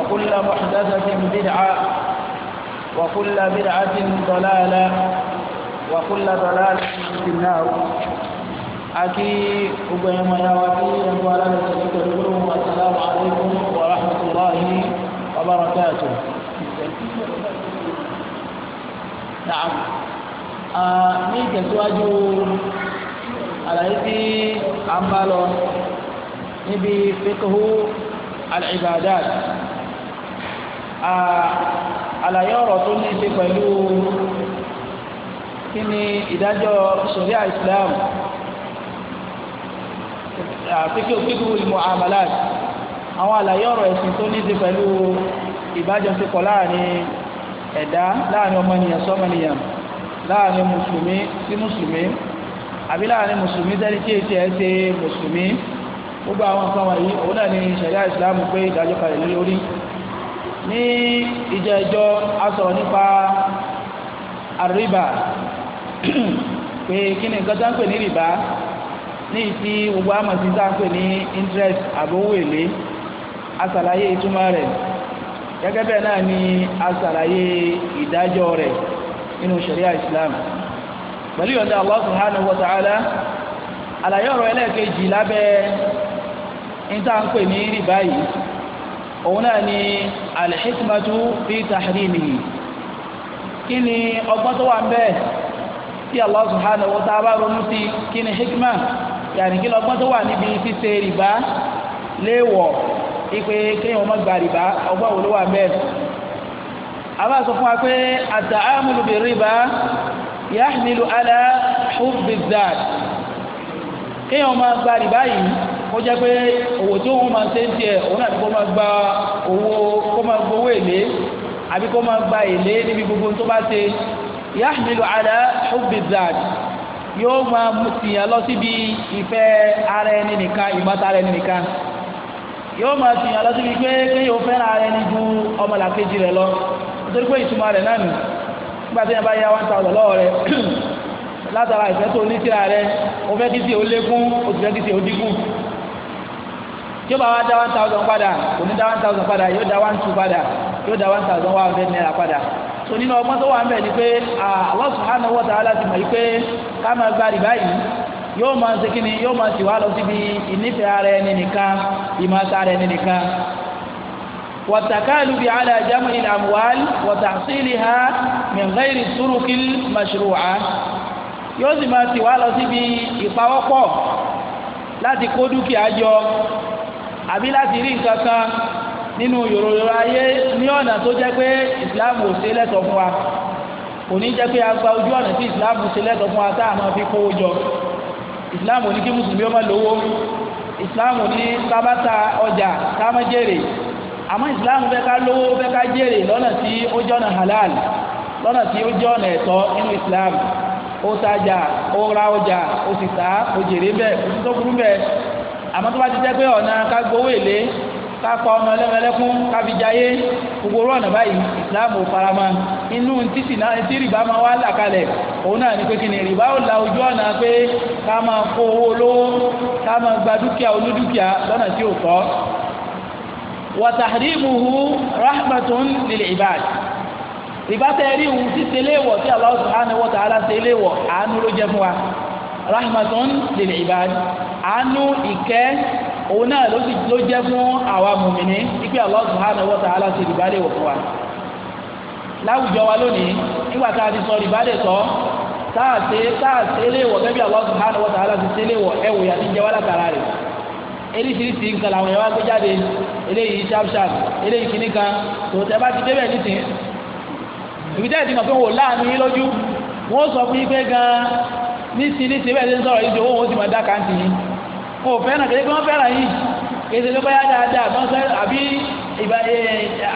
وكل محدثة بدعة وكل بدعة ضلالة وكل ضلالة في النار أكي أبيما يا وكي أبوالا لتذكرون والسلام عليكم ورحمة الله وبركاته نعم ní سواجه على tí عمالون نبي فقه العبادات àlàyé ọ̀rọ̀ tó ní í ṣe pẹ̀lú kí ni ìdájọ́ sẹ̀ríà Islam àfikún fíkú ìmọ̀ àmàlàt àwọn àlàyé ọ̀rọ̀ ẹ̀sìn tó ní í ṣe pẹ̀lú ìbájọsepọ̀ láàrin ẹ̀dá láàrin ọmọnìyàn sọ́mọnìyàn láàrin mùsùlùmí sí mùsùlùmí àbí láàrin mùsùlùmí sẹ́ni tí èsì ẹ̀ ṣe mùsùlùmí gbogbo àwọn nǹkan wọ̀nyí òun náà ni sẹ̀ríà Islam gbé ìdájọ́ kalẹ̀ lórí ní ìjọ ẹjọ a sọ̀rọ̀ nípa àríbà pé kí ni nǹkan tá ń pè ní rìbá ní ìtí gbogbo amọ̀sí tá ń pè ní interest àbówó èlé a ṣàlàyé ìtumọ̀ rẹ̀ gẹ́gẹ́ bẹ́ẹ̀ náà ni a ṣàlàyé ìdájọ́ rẹ̀ nínú sharia islam pẹ̀lú ìyọ̀ǹda Allah subhanahu wa ta'ala àlàyé ọ̀rọ̀ ẹlẹ́ẹ̀kejì lábẹ́ ní tá ń pè ní rìbá yìí òun náà ni alhikmatu fi tahrimihi kí ni ọgbọ́n tó wà ń bẹ́ẹ̀ tí Allah subhanahu wa ta'ala ronú sí kí ni hikma yàní kí ni ọgbọ́n tó wà níbi ṣíṣe rìbá léèwọ̀ ipe kéèyàn má gba rìbá ọgbọ́n wo ló wà ń bẹ́ẹ̀ àbá sọ fún wa pé àtàámùlù bi rìbá yahmilu ala hubbi zad kéèyàn má gba rìbá yìí ó jẹ́ pé owó tí òun máa ṣe ń tiẹ̀ òun àti kó máa gba owó kó máa gbowó èlé àbí kó máa gba èlé níbi gbogbo tó bá ṣe yahmilu ala hubbi zad yóò máa tìyàn lọ síbi ìfẹ́ ara ẹni nìkan ìmọ̀ta ara ẹni nìkan yóò máa tìyàn lọ síbi pé kéèyàn fẹ́ràn ara ẹni ju ọmọlàkejì rẹ̀ lọ nítorí pé ìtumọ̀ rẹ̀ náà nù nígbà tí yẹn bá yá one thousand lọ́wọ́ rẹ̀ látara ìfẹ́ tó ní síra rẹ̀ o fẹ́ kí tí o lékún o sì fẹ́ kí tí o dínkù tí ó bá wá dá one thousand padà kò ní dá one thousand padà yóò dá one two padà yóò dá one thousand one hundred naira padà tó nínú ọgbọ́n tó wà ń bẹ̀ ni pé Allah subhanahu wa ta'ala mọ̀ yìí pé ká máa gba rìbá yìí yóò máa ṣe kí ni yóò máa sì wá lọ síbi ìnífẹ̀ẹ́ ara ẹni nìkan ìmọ̀ọ́ta ara ẹni nìkan والتكالب على جمع الأموال وتحصيلها من غير الطرق المشروعة yóò sì máa ti wá lọ síbi ìpawọ́pọ̀ láti kó dúkìá jọ àbí láti rí nǹkan kan nínú yòròyòrò ayé ní ọ̀nà tó jẹ́ pé islam ò ṣe lẹ́tọ̀ọ́ fún wa kò ní jẹ́ pé a gba ojú ọ̀nà tí islam ṣe lẹ́tọ̀ọ́ fún wa tá a máa fi kówó jọ islam ò ní kí mùsùlùmí ó lówó islam ní kábàtà ọjà ká jèrè àmọ́ islam fẹ́ ká lówó fẹ́ ká jèrè lọ́nà tí ó jọ́nà halal lọ́nà tí ó jọ́nà ẹ̀tọ́ nínú islam ó tajà ó ra ọjà ó sì tà ó jèrè bẹ́ẹ̀ ó sì bẹ́ẹ̀ àmọ́ tó bá ti jẹ́ pé ọ̀nà ká gbowó èlé ká pa ọmọ ẹlẹ́mẹlẹ́kún ká fi jayé gbogbo orú ọ̀nà báyìí islam ò fara mọ́ inú títì náà tí rìbá máa wá là kalẹ̀ òun náà ni pé kí ni rìbá ò la ojú ọ̀nà pé ká máa kó owó lówó ká máa gba dúkìá olúdúkìá lọ́nà tí ò tọ́ wàtàrímuhu rahmatun lil ibad rìbá tẹ́ rí òun sí seléwọ̀ tí Allah subhanahu wa ta'ala seléwọ̀ àánú ló jẹ́ fún wa rahmatun lil ibad àánú ìkẹ́ òun náà ló jẹ́ fún àwa mùmìnì ipe Allah subhanahu wa ta'ala ṣe ìbálẹ̀ wọ̀ fún wa láwùjọ wa lónìí nígbà tá a ti sọ ìbálẹ̀ sọ táàsé táàsé léèwọ̀ gẹ́gẹ́ bí Allah subhanahu wa ta'ala ṣe léèwọ̀ ẹ̀wò yà ti jẹ́ wá látara rẹ̀ eríṣiríṣi nǹkan làwọn yẹn wá gbé jáde eléyìí sharpsharp eléyìí kìíní kan tòótẹ́ bá ti débẹ̀ nísìnyí ìbítẹ́ ìdìmọ̀ pé wò láàánú yín lójú wọ́n sọ fún yín pé gan-an nísìnyí nísìnyí bẹ́ẹ̀ ṣe ń sọ̀rọ̀ yìí kò fẹ́ràn kéde kí wọ́n fẹ́ràn yìí kéde ló báyà dáadáa tó ń sẹ́ àbí ìgbà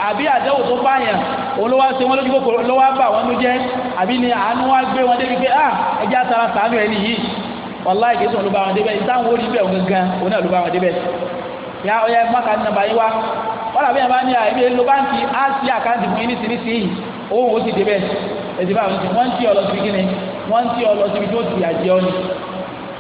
àbí àdéhùn tó báyàn òun ló wá ṣe wọn lójú kòkòrò ló wá bà wọn ló jẹ́ àbí ni àánú wá gbé wọn débi pé à ẹjẹ́ àtàrà sàánú ẹni yìí wàláì kìí sọ̀rọ̀ ló bá wọn débẹ̀ ìtàn wo níbẹ̀ òun gangan òun náà ló bá wọn débẹ̀ ya ọ̀yà mọ́ka ní nàbàyí wa wọ́n làbí yàrá ní àìbí ló bá ń fi á sí àkáǹtì fún yín nísìnyí owó wọn ó sì débẹ̀ ẹ̀sìn báwọn ti wọ́n ń tí ọ lọ síbi kí ni wọ́n ń tí ọ lọ síbi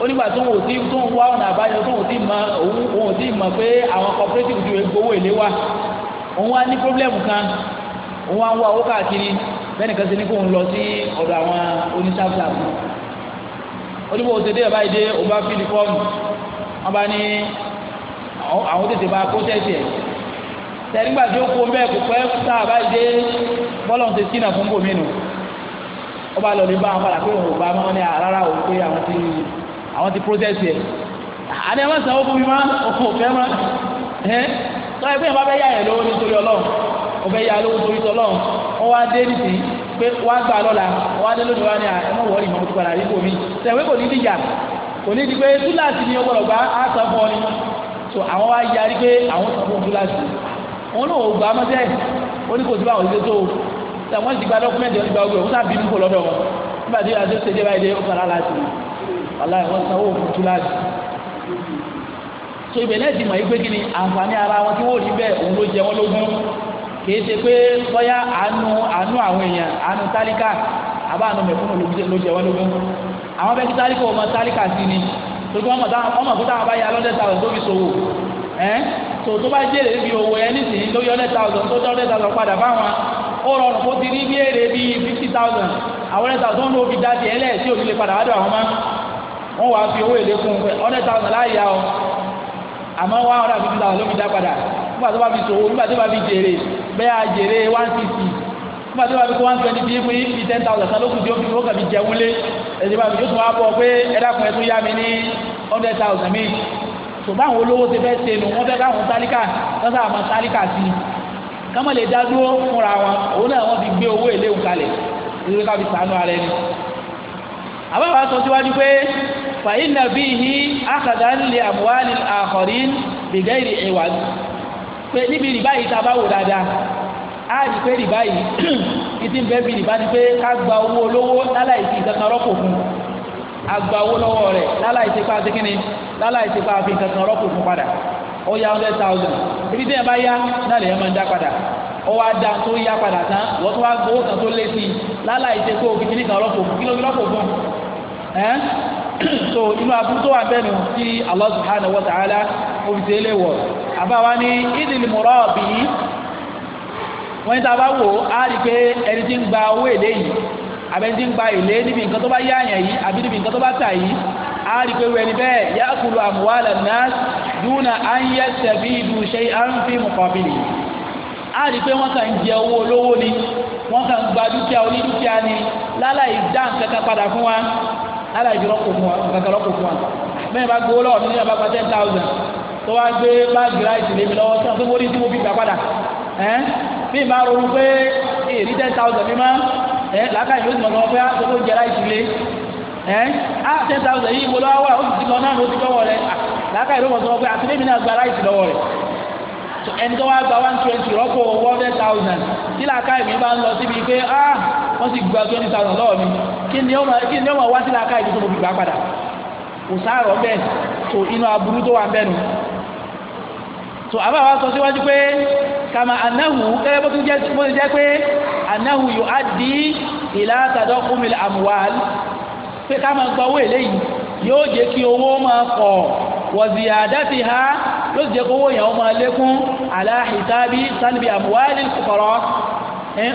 onígbà tó wò sí tó ń wá ọ̀nà àbáyọ tó wò sí mọ òun òun sí mọ pé àwọn cooperative ju egbowó èlé wa òun wá ní problem kan òun wá ń wá owó káàkiri bẹ́ẹ̀ni kan ṣe ní kó ń lọ sí ọ̀dọ̀ àwọn oníṣàfihàn onígbà òṣèdè ọba ìdè ọba fílì fọ́ọ̀mù wọn bá ní àwọn tètè bá kó tẹ̀sí ẹ̀ tẹ̀rígbà tí ó kó bẹ́ẹ̀ kò pẹ́ tá a bá dé bọ́lọ̀ ń ṣe sínà fún bòmínú ọba lọ́ọ́ ní bá wọn padà pé òun ò bá wọn ní àrárá òun pé àwọn ti àwọn ti process yẹ àdé wọn sàn ókú mi má òkú òfẹ má ẹ tọ́lá ìpínyà bá fẹ́ yá yẹn lówó nítorí ọlọ́run ó fẹ́ yá lówó nítorí tọ́lọ́run ó wá dé nìsín pé wá gbà lọ́la ó wá dé lónìí wá ní ẹmọ wọ́ọ̀rì ìmọ̀ tó padà rí kò mí tẹ̀wé kò ní dìjà kò ní di pé túláàsì ni ọgbọ̀dọ̀ gbá á sọ fún ọ ni so àwọn wá yarí pé àwọn sọ fún túláàsì wọn náà ò gbà á mọ́tẹ́ ó ní kò sí báwọn ìṣe tó o wọ́n ti gba dọ́kúmẹ́ntì wọn ti gba ogun ẹ̀ wọ́n sábà bínú kò lọ́dọ̀ wọn nígbà tí wọ́n ti ṣe dé báyìí dé ó kàn á láti wàláì wọ́n sanwó fún túláàsì so ìbẹ̀lẹ̀ ti mọ̀ yí pé kí ni àǹfààní ara wọn tí wọ́n rí bẹ́ẹ̀ òun ló jẹ wọ́n lógún kì í ṣe pé bọ́yá àánú àánú àwọn èèyàn àánú tálíkà àbá àánú mẹ̀kúnnù ló jẹ wọ́n lógún àwọn bẹ́ẹ̀ kí tálíkà ọmọ tálíkà sí ni torí wọn mọ̀ kó táwọn bá yà lọ́dẹ̀ tàwọn tó fi ṣòwò ẹ́ tó tó bá jèrè bí owó ẹ nísìnyí lórí ọ̀dẹ̀ tàwọn tó dọ́dẹ̀ tàwọn padà fáwọn ó rọrùn kó ti rí bí èrè bíi fifty thousand àwọn wọ́n wàá fi owó èlé fún un pé hundred thousand láàyà o àmọ́ one hundred fifty thousand ló fi dá padà nígbà tó bá fi ṣòwò nígbà tó bá fi jèrè bẹ́ẹ̀ á jèrè one fifty nígbà tó bá fi kó one twenty bí fún yìí ten thousand kan ló kù tí ó fi owó kàbí jẹ wúlé ẹ̀sìn bá fi yóò tún wá bọ̀ pé ẹ dákun ẹ tún yá mi ní hundred thousand mi ṣùgbọ́n àwọn olówó ti fẹ́ ṣe nù wọ́n fẹ́ káwọn tálíkà lọ́sà àwọn tálíkà sí i kámọ́ lè dá dúró fúnra wọn òun náà wọ́n ti gbé owó èlé òun kalẹ̀ ìdílé ká fi sànú ara ẹni àbáwá sọ síwájú pé فإن فيه أخذا لأموال الآخرين بغير عوض pé níbi rìbá yìí tá a bá wò dáadáa á rí pé rìbá yìí ìdí ń bẹ́ bí rìbá ni pé ká gba owó olówó láláì sí nǹkan rọ́pò fún a gba owó lọ́wọ́ rẹ̀ láláì sí pa síkínni láláì sí pa àfi nǹkan rọ́pò fún padà ó yá hundred thousand ibi tí yẹn bá yá náà lèyẹn máa ń dá padà ó wá dá tó yá padà tán wọ́n tó wá gbowó kan tó lé sí i láláì sí pé òfin kìnnìkan rọ́pò fún rọ́pò fún ẹ́ so inú aburú tó wà bẹ́ẹ̀ nù sí Allah subhanahu wa ta'ala òfìsè lè wọ̀ àbáwá ní idil murabi wọ́n ní sábà wò á rí i pé ẹni tí ń gba owó èlé yìí àbẹ̀ni tí ń gba èlé níbi nǹkan tó bá yáàyàn yìí àbí níbi nǹkan tó bá tà yìí á rí pé wẹ́ni bẹ́ẹ̀ yakulu amwala nas duna an yastabidu shay'an fi muqabili á rí pé wọ́n kàn ń jẹ owó olówó ni wọ́n kàn ń gba dúkìá onídúkìá ni láláì dá nǹkan kan padà fún wa lára ìjọ rọ́pò fún wa kankan rọ́pò fún wa bẹ́ẹ̀ bá gbowó lọ́wọ́ nílé àbá gba ten thousand tó wá gbé báàgì ráìsì lé mi lọ́wọ́ sọ pé wọ́n ní tí mo fi gbà padà ẹ́ bí ìbá ronú pé èrí ten thousand mi máa ẹ́ làákàyè ló ti mọ̀ pé àtọ́ ah, tó jẹ ráìsì lé ẹ́ á ah, ten thousand yìí mo lọ́wọ́ wà ó sì ti lọ náà ló ti lọ́wọ́ rẹ̀ làákàyè ló mọ̀ sọ pé àtúndé mi náà gba ráìsì lọ́wọ́ rẹ̀ ẹni tó wá gba one twenty rọ́pò one hundred thousand tí làákà èmi bá ń lọ síbi pé ah wọ́n sì gba twenty thousand lọ́wọ́ mi kí ni ó máa wá sí làákà èmi tó mo fi gbà padà kò sáàrọ̀ bẹ́ẹ̀ tó inú aburú tó wà bẹ́ẹ̀ nù so àbá wa sọ síwájú pé kàmá anahu gẹ́gẹ́ bó ti jẹ́ bó ti jẹ́ pé anahu yóò á di ìlà tàdọ́ kúmìlì àmúwàl pé ká máa gba owó eléyìí yóò jẹ́ kí owó máa kọ̀ wọ̀zìyàdá ti ha ló sì jẹ́ kó owó yẹn ó máa lékún ala hisabi sanbi amwalil fuqara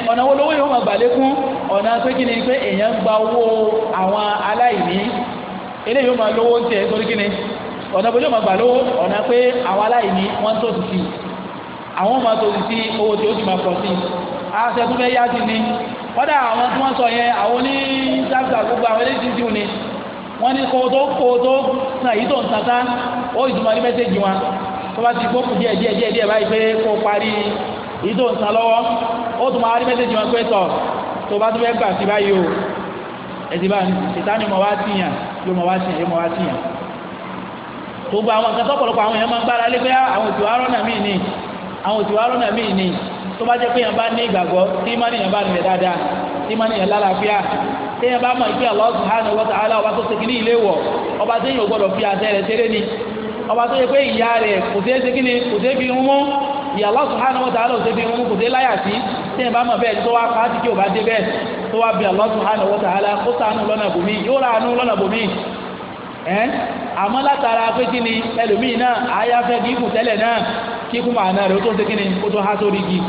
ọ̀nà wo lówó yẹn ó máa gbà lékún ọ̀nà pé kí ni pé èèyàn gba owó àwọn aláìní eléyìí ó máa lówó ń tẹ̀ torí kí ni ọ̀nà bójú máa gbà lówó ọ̀nà pé àwọn aláìní wọ́n tó ti fi àwọn máa tó ti fi owó tí ó ti máa pọ̀ sí àṣẹ fẹ́ yá sí ni kọ́dà àwọn tí wọ́n sọ yẹn àwọn oní sáfìsà gbogbo àwọn eléyìí ti ni wọ́n ní kó tó kó tó sàn yìí tó ń tata ó ìtumọ̀ ní mẹ́sẹ̀gì wọn tó bá ti gbókùn díẹ̀ díẹ̀ díẹ̀ díẹ̀ báyìí pé kó o parí ìdó nǹkan lọ́wọ́ ó tún máa rí mẹ́sẹ̀jì wọn pé tọ̀ tó bá tún fẹ́ gbà sí báyìí o ẹ̀sìn bá ṣètánì mọ̀ wá tìyàn mọ̀ wá tìyàn mọ̀ wá tìyàn gbogbo àwọn nǹkan tọ́pọ̀lọpọ̀ àwọn èèyàn máa ń gbára lé pé ah, àwọn míì ni àwọn òtù arọ́nà míì ni tó bá jẹ́ pé bá ní ìgbàgbọ́ tí ìmánì bá rìn dáadáa tí ìmánì lálàáfíà bá ọba tó yẹ pé ìyá rẹ̀ kò sí ẹsẹ̀ kíni kò sí ẹbí mú ìyá Allah subhanahu wa ta'ala kò sí ẹbí mú kò sí láyà sí tí ẹ bá mọ̀ bẹ́ẹ̀ tó wá pàtí kí o bá dé bẹ́ẹ̀ tó wá bí Allah subhanahu wa ta'ala kó sànù lọ́nà bòmí yóò rà ànú lọ́nà bòmí ẹ́ àmọ́ látara pé kíni ẹlòmíì náà àyà fẹ́ kí ikùn tẹ́lẹ̀ náà kí ikùn màánà rẹ̀ ó tó ṣe kíni ó tó há sórí igi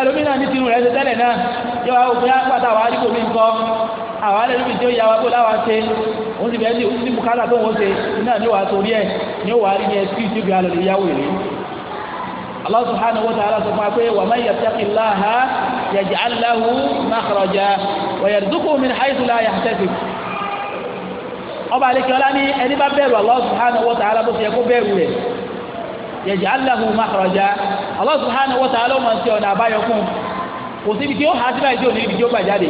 ẹlòmíì náà ní tinú rẹ̀ ṣe tẹ́lẹ̀ náà yóò wá òpin àpàtà wàá dípò mi nǹkan àwọn alẹ́ tí ó yà wá kó láwa ṣe òun sì bẹ́ẹ̀ ní bùkátà tó wọ́n ṣe iná ní wàá torí ẹ̀ ní wàá rí ní ẹsí tí ìgbà lọ́dẹ yáwó rẹ̀ Allah subhanahu wa ta'ala sọ fún wa pé wa man yattaqillaha yaj'al lahu makhraja wa yarzuqhu min haythu la yahtasib ọba alekiola ní ẹni bá bẹ̀rù Allah subhanahu wa ta'ala bó ṣe yẹ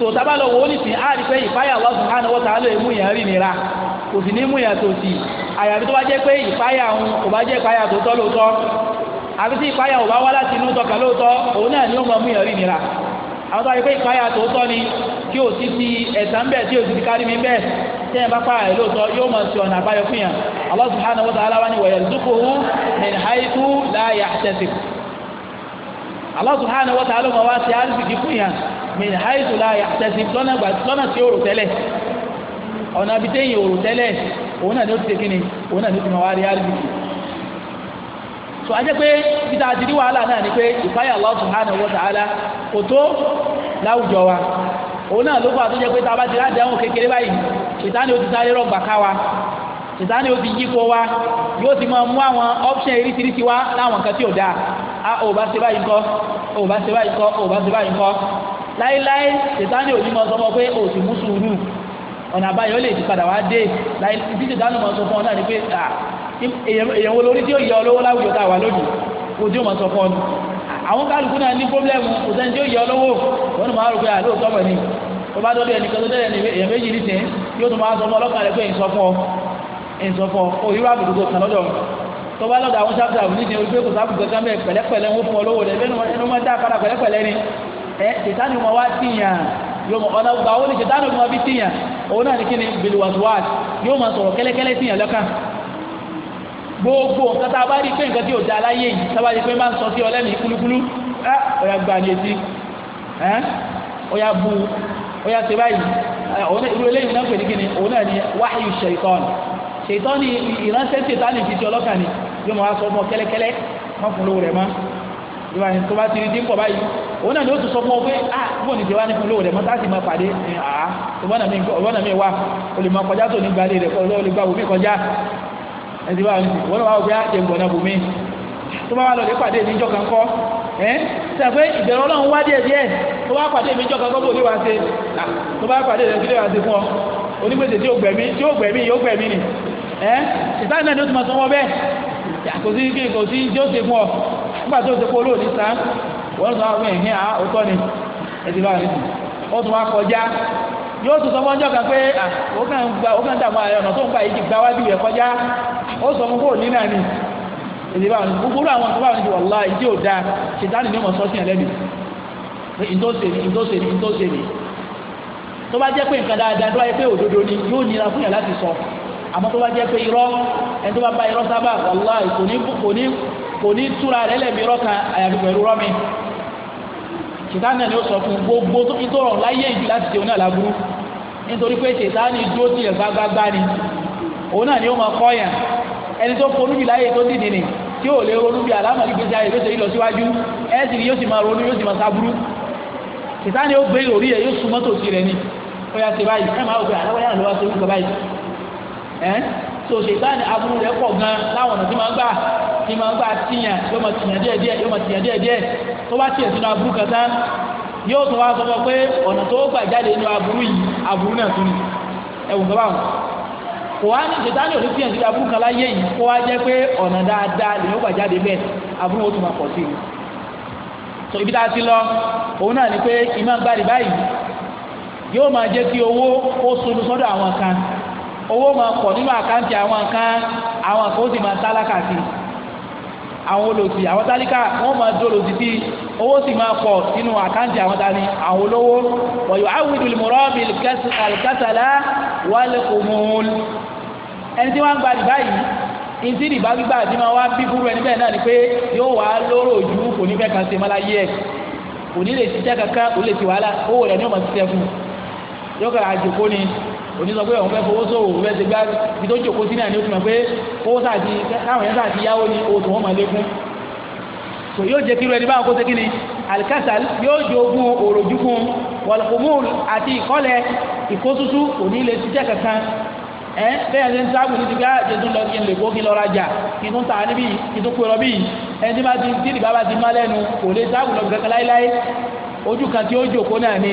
so tábà lọ wò ó nìsín á rí pé ìpáyà Allah subhanahu wa ta'ala rí nira kò sì ní mú yẹn tó sí àyàfi tó bá jẹ́ pé ìpáyà òun kò bá jẹ́ ìpáyà tó tọ́ lóòótọ́ àfi tí ìpáyà ò bá wá láti inú tọkà ni ó mọ mú rí nira àwọn tó bá jẹ́ pé ìpáyà tó tọ́ ni kí o ti ti ẹ̀sán bẹ́ẹ̀ tí o ti ti kárí mi bẹ́ẹ̀ tí ẹ min haitu la yahtasi lọ́nà tí òrò tẹ́lẹ̀ ọ̀nà bí téyìn òrò tẹ́lẹ̀ òun náà ni ó ti ṣe kíni ni ó ti mọ̀ wá rí àríbìkì so a jẹ́ pé peter àti ní wàhálà náà ni pé ìfáyà Allah subhanahu wa ta'ala kò tó láwùjọ wa òun náà ló fà tó jẹ́ pé tábà ti láti àwọn kékeré báyìí ìtaní ó ti sáré rọ̀gbà ká wa ìtaní ó ti yípo wa yóò ti máa mú àwọn option irisirisi wa láwọn nǹkan tí ò dáa a ò bá ṣe báyìí kọ́ ò bá ṣe báyìí kọ́ ò bá ṣe báyìí kọ́ láíláí sètánì òní mọ sọmọ pé o sì mú sùúrù ọ̀nà àbáyọ lè ti padà wá dé láì tí sètánì mọ sọ fún ọ náà ni pé èèyàn wo lórí tí ó yẹ ọ láwùjọ tá a wà lónìí kò tí ó mọ sọ fún ọ nù àwọn kálukú náà ní pọ́blẹ́mù kò sẹ́ni tí ó yẹ ọ lówó wọn máa rò pé àlóòótọ́ mọ̀ ni tó bá dọ́dọ̀ ẹnìkan tó dẹ́rẹ̀ èèyàn méjì ní sìn yóò tún máa sọ fún ọlọ́kàn rẹ pé ìsọ fún ọ ìsọ fún ọ òyìnbó àbùdókò kan lọ́dọ̀ tó bá lọ́dọ̀ àwọn sábà nídìí orí pé kò sábà pẹ̀lẹ́pẹ̀lẹ́ ń fún ọ lówó rẹ lẹ́nu mọ́ dá padà pẹ̀lẹ́pẹ̀lẹ́ ni ẹ eh, ṣètánì ọmọ wa tìyàn yóò mọ ọ̀nà gbà ó ní ṣètánì ọmọ fi tìyàn òun náà ní kíni bilwaswas yóò máa sọ̀rọ̀ kẹ́lẹ́kẹ́lẹ́ tìyàn lọ́kàn gbogbo nǹkan tá a bá rí pé nǹkan tí ò da láyé yìí tá a bá rí pé máa ń sọ sí ọlẹ́mì kúlúkúlú ẹ ah, ọ̀yà gbà ní etí ọ̀yà bu ọ̀yà ṣe báyìí eh, irú eléyìí náà pè ní kíni òun náà ní wáhíù ṣèitán ṣèitán ní ìránṣẹ́ ṣètánì fi ti ọlọ́kàn ni yóò máa sọ ọmọ kẹ́lẹ́kẹ́lẹ́ má fún lówó rẹ̀ mọ́ ìwà ni tó bá ti rí dín pọ̀ báyìí òun náà ni ó tún sọ fún ọ pé à ah, bóun ní tiwa ní fún lóòrè mọ́ táàsì máa pàdé ní à ọ̀bọ̀nà mi wá o lè máa kọjá tó ní gbalẹ̀ rẹ̀ kọ́ lè gba bùnmí kọjá ẹ̀sì bá wọn wá òbí àti ah, ẹ̀gbọ̀nà bùnmí tó bá wà lọ lè pàdé níjọ́ kan kọ́ ẹ́ sọ pé ìbẹ̀rù ọlọ́run wá díẹ̀ díẹ̀ tó bá pàdé mi níjọ́ kan kọ́ bóun ní wàá ṣe tó bá pàdé rẹ̀ kí lè wàá ṣe fún ọ onígbèsè tí ó gbẹ̀mí tí nígbà tó ti polówó ní sàn wọ́n sọ àwọn ẹ̀hìn à òótọ́ ni ẹ̀sìn bá mi ó tún wá kọjá yóò tún sọ fún ọjọ́ kan pé ó kàn dààmú ààrẹ ọ̀nà tó ń gbà yìí gbá wájú rẹ̀ kọjá ó sọ fún kóò nínà ni èdè bá wọn gbogbo àwọn tó bá wọn ti wọ̀ láì tí ṣètánì ní ọmọ sọ́sìn ẹlẹ́mìí pé ìtòsèrè ìtòsèrè tó bá jẹ́ pé nǹkan dáadáa tó bá yẹ pé òdodo ni yóò nira fún yàn láti sọ àmọ́ tó bá jẹ́ pé irọ́ ẹni tó bá bá irọ́ sábà wàláì kò ní kò ní túra rẹ̀ lẹ́bi rọ́ka àyàfi pẹ̀lú rọ́mi ṣètánì náà ni ó sọ fún gbogbo tó fi tó rọ̀ láyé ìdí láti ṣe òun náà nítorí pé ṣètánì dúró tilẹ̀ gbágbágbá ni òun náà ni ó máa kọ́ yàn ẹni tó fonú bí láyé tó dìde nì tí ò lè ronú bí alámọ̀lì gbèsè ayé lóṣèlú lọ síwájú ẹ̀ sì ni yóò sì máa ronú yóò sì máa sábúrú ṣètánì ó gbé orí rẹ̀ yóò sun mọ́tò sí rẹ̀ ni ó yà ṣe báyìí ẹ̀ máa wò pé àlọ́ so ṣètàn aburú rẹ̀ pọ̀ gan láwọn ọ̀nà tí máa ń gbà tí máa ń gbà tìyàn yóò máa tìyàn díẹ̀ díẹ̀ yóò máa tìyàn díẹ̀ díẹ̀ tó bá tìyàn sínú aburú kan tán yóò tún wá sọ fún pé ọ̀nà tó gbà jáde aburú yìí aburú náà tún ni ẹ̀wù kan báwọn kò wá ibi tá a ti lọ òun náà ni pé ìmọ̀ gbàdì báyìí yóò máa jẹ́ kí owó sunu sọ́dọ̀ àwọn owó máa pọ̀ nínú àkáǹtì àwọn nǹkan àwọn nǹkan ó sì máa tálákà sí àwọn olòsì àwọn tálíkà wọ́n máa dó olòsì sí owó sì máa pọ̀ nínú àkáǹtì àwọn tani àwọn olówó wọ̀yọ̀ awùdùlù mọ̀rọ́bì alkásàlá wàlẹ̀kùmùl ẹni tí wọ́n gba dìbà yìí ìdí ìdìbà gbígbà tí máa wá bí fúru ẹni bẹ́ẹ̀ náà ni pé yóò wá lóró ojú kò ní fẹ́ ṣe máláyé ẹ̀ kò ní lè ṣiṣẹ́ kankan kò lè ṣe wàhálà owó rẹ̀ ni ó ṣiṣẹ́ fún yóò kọ́ onísọ pé òun fẹ́ fowó sòwò òun fẹ́ ti gbá ibi tó jòkó sí náà ní òtún mọ̀ pé owó sáàtì káwọn yẹn sáàtì yáwó ni oṣù wọn máa lékún tò yóò jẹ́ kí irú ẹni báwọn kó ṣe kí ni alikasal yóò jogun òròjúgun wàlùkùmùl àti ìkọ́lẹ̀ ìkóṣuṣu kò ní lè ṣiṣẹ́ kankan ẹ bẹ́ẹ̀ ṣe ń sáàbù ní ti gbá jẹ́tún lọ kí n lè kó kí n lọ rajà kí n tún ta níbí kí n tún pè lọ bíi ẹni bá ti tí ìdìbò bá ti má o kò lè sáàbù lọ kankan láéláé ojú kan tí ó jòkó náà ni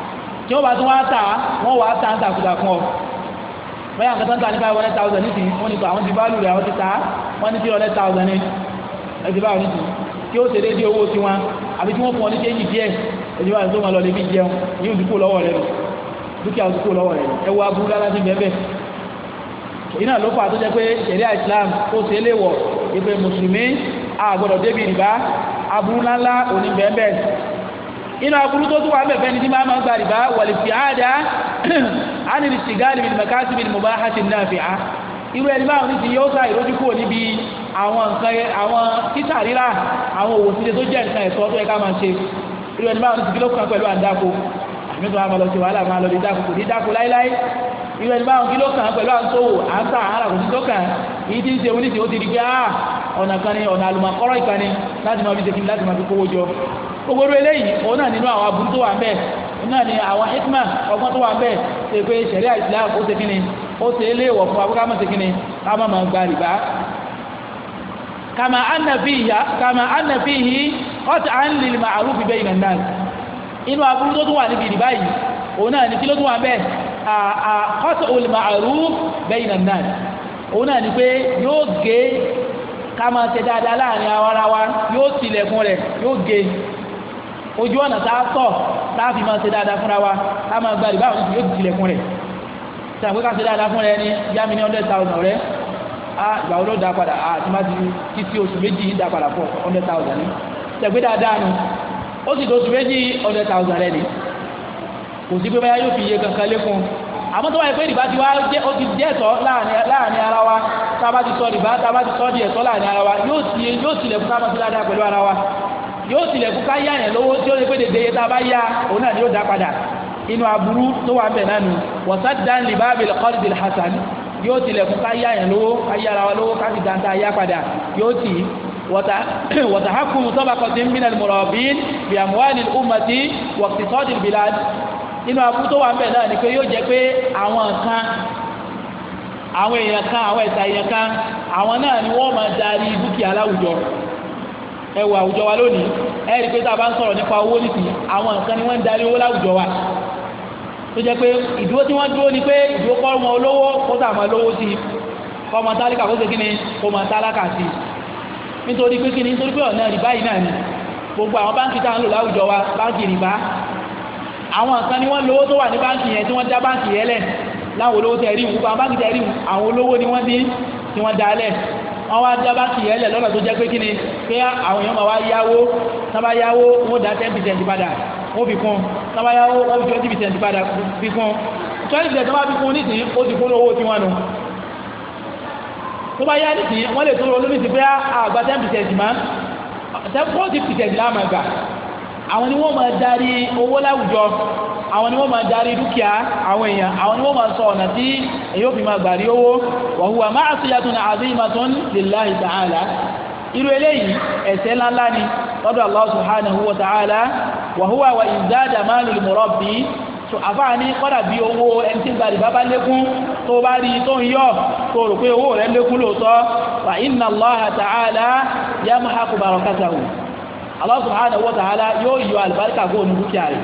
tí wọ́n bá tún wá tà wọ́n wá tà ń tàkùtà fún ọ bẹ́ẹ̀ àkàtà ń tà ní five hundred thousand nìsín wọ́n ní pa àwọn ti báàlù rẹ̀ àwọn ti tà wọ́n ní three hundred thousand ní ẹ̀sì báwọn nìsín tí ó ṣe déédéé owó tiwọn àbí tí wọ́n fún ọ ní kéjì díẹ̀ ẹ̀sì báwọn tó máa lọ lè fi jẹun yóò dúkú lọ́wọ́ rẹ̀ lọ dúkìá dúkú lọ́wọ́ rẹ̀ ẹ wọ aburú lára ti bẹ́ẹ̀ iná ló fà tó jẹ́ pé ṣẹ̀ríà Islam ó ṣe é léwọ̀ ìpè mùsùlùmí àgbọ̀dọ̀ débi rìbá aburú ńláńlá òní bẹ́ẹ̀ bẹ́ẹ̀ inú aburú tó tún wà mẹ́fẹ́ ni tí máa ma gba rìbá wàlì fi àdá ánìlì sìgáàlì bìlì màkásì bìlì mùbá hàtì náà fi á irú ẹni báwọn ní ti yóò sá ìrójú kúrò níbi àwọn nǹkan àwọn títà rírà àwọn òwò síse tó jẹ́ nǹkan ẹ̀tọ́ tó yẹ ká máa ṣe irú ẹni báwọn ní ti fi lókàn pẹ̀lú àǹdáko àmì tó máa lọ sí wàhálà máa lọ di dáko kò ní dáko láíláí irú ẹni báwọn kí pẹ̀lú àǹtòwò àǹtà àhàrà kò sí tó kàn án ìdí ń ṣe oníṣe ó ti di pé ah, ọ̀nà kan ni ọ̀nà àlùmọ̀kọ́rọ̀ ìkan ni láti máa fi ṣe kí láti máa fi kówó jọ gbogbo eléyìí òun náà nínú àwọn aburú tó wà bẹ́ẹ̀ òun náà ni àwọn hikma ọgbọ́n tó wà bẹ́ẹ̀ ṣe pé ṣẹ̀ríà Islam ó ṣe kíni ó ṣe é kama fún abúlé àmọ́ ṣe kíni ká máa gba rìbá. kàmà ànàfíìyà kàmà ànàfíìyì ọ̀tà à ń náà inú tó tún wà níbi yìí òun náà ni kí ló tún wà bẹ́ẹ̀ ọ̀tà ò lè máa àrùbí náà ojú ọ̀nà tá a tọ̀ tá a fi máa ṣe dáadáa fúnra wa tá a máa gba ìbáwọ̀ ní ìdílé ìtìlẹ̀kùn rẹ̀ tí a pé ká ṣe dáadáa fún rẹ ní yá mi ní hundred thousand rẹ a ìgbà wo ló da padà a ti máa ti títí oṣù méjì yìí da padà fún hundred thousand ní tẹ̀gbé dáadáa nu ó sì tó oṣù méjì hundred thousand rẹ ní kò sí pé báyà yóò fi iye kankan lékun àmọ́ tó wáyé pé rìbá ti wá jẹ́ ó ti jẹ́ ẹ̀tọ́ láàrin ara wa tá a bá ti sọ rìbá tá a bá ti sọ di ẹ̀tọ́ láàrin ara wa yóò tilẹ̀ ká máa ti dáadáa pẹ̀lú ara wa yóò tilẹ̀ kú ká yá yẹn lówó tí ó lè pé dèdè yẹn tá a bá yá òun náà ni yóò dá padà inú aburú tó wà bẹ̀ nánu wọ́sá dan lè bá abèlè kọ́lì dèlè hasan yóò tilẹ̀ kú ká yá yẹn lówó ká yá ara wa lówó ká fi dantá yá padà yóò tì í وتحكم طبقة من المرابين بأموال الأمة واقتصاد البلاد inú abú tó wà bẹ̀ náà ni pé yóò jẹ́ pé àwọn kan àwọn èèyàn kan àwọn ẹ̀ta èèyàn kan àwọn náà ni wọ́n máa darí dúkìá láwùjọ ẹ wo àwùjọ wa lónìí ẹ rí i pé tá a bá ń sọ̀rọ̀ nípa owó nìsín àwọn nǹkan ni wọ́n ń darí owó láwùjọ wa tó jẹ́ pé ìdúró tí wọ́n dúró ni pé ìdúró kọ́ ọmọ olówó kó tà mọ́ lówó sí i kọ́ ọmọ tálákà kó ṣe kí ni kó ọmọ tálákà sí i nítorí pé kí ni nítorí pé ọ̀nà rìbá yìí náà ni gbogbo àwọn báńkì tá à ń lò láwùjọ wa báńkì rìbá àwọn nǹkan ni wọ́n lówó tó wà ní báńkì yẹn tí wọ́n dá báńkì yẹn lẹ̀ láwọn olówó tẹ̀ rí wù wọ́n wá dá báńkì yẹn lẹ̀ lọ́nà tó jẹ́ pé kí ni pé àwọn èèyàn máa wá yáwó tán bá yáwó wọ́n dá ten percent padà wọ́n fi kún tán bá yáwó wọ́n fi twenty percent padà fi kún twenty percent tó bá fi kún nísìnyí ó ti kún owó tiwọn nù tó bá yá nísìnyí wọ́n lè tó lọ lómi sí pé àgbà ah, ten percent mọ́ ten forty percent láàmà gbà àwọn ni wọ́n máa darí owó láwùjọ àwọn ni wọ́n máa darí dúkìá àwọn èèyàn àwọn ni wọ́n máa sọ ọ̀nà tí èyí ò fi máa gbà rí owó wa huwa ma'siyatun 'azimatun lillahi ta'ala irú eléyìí ẹ̀ṣẹ̀ ńláńlá ni lọ́dọ̀ Allah subhanahu wa ta'ala wa huwa wa izdada malul murabbi so àfáàní kọ́dà bí owó ẹni tí ń gbàdì bábá yóò yọ àlùbáríkà kó o dúkìá rẹ̀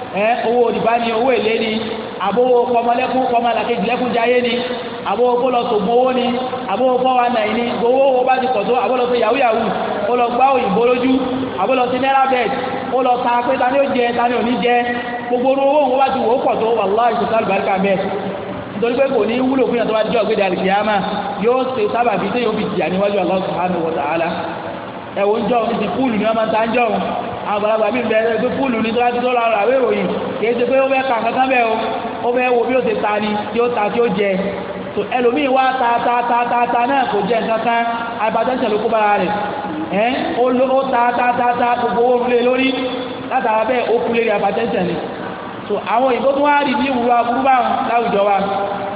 ẹ owó òdìbá ni owó èlé ni àbówó kọmọlẹ́kún kọmọlàkejì lẹ́kún jayé ni àbówó kó lọ sògùn owó ni àbówó fọ́ wa nàì ni gbowó owó bá ti pọ̀ tó àbó lọ sí yahoo yahoo ó lọ gbá òyìnbó lójú àbó lọ sí náírà bẹ́ẹ̀d ó lọ ta pé ta ni ó jẹ ta ni ò ní jẹ gbogbo orú owó òun wá ti wò ó pọ̀ tó wàláhì ìṣòkè àlùbáríkà bẹ́ẹ̀ nítorí pé kò ní wúlò fún yàtọ̀ bá jẹ́ ọ̀gbẹ́dẹ àlìkìyàmà yóò ṣe sábà bíi tẹ́yọ̀ fi jìyà níwájú Allah subhanahu wa ta'ala ẹ̀wọ̀n jọ̀ ní ti kúlù ní wọ́n máa ta ń jọ̀ àgbàlagbà mi bẹ̀rẹ̀ pé fúlù ní tó láti tó lọ àwé ìròyìn kìí ṣe pé ó fẹ́ kà kankan bẹ́ẹ̀ o ó fẹ́ wo bí ó ṣe ta ni tí ó ta tí ó jẹ tó ẹlòmíì wá ta ta ta ta ta náà kò jẹ nǹkankan hypertension ló kó bára rẹ̀ ẹ́ ó ló ó ta ta ta ta gbogbo owó rúlé lórí látara bẹ́ẹ̀ ó kú lérí hypertension ni tó àwọn òyìnbó tó wá rí ní ìwúrọ̀ aburú bá láwùjọ wa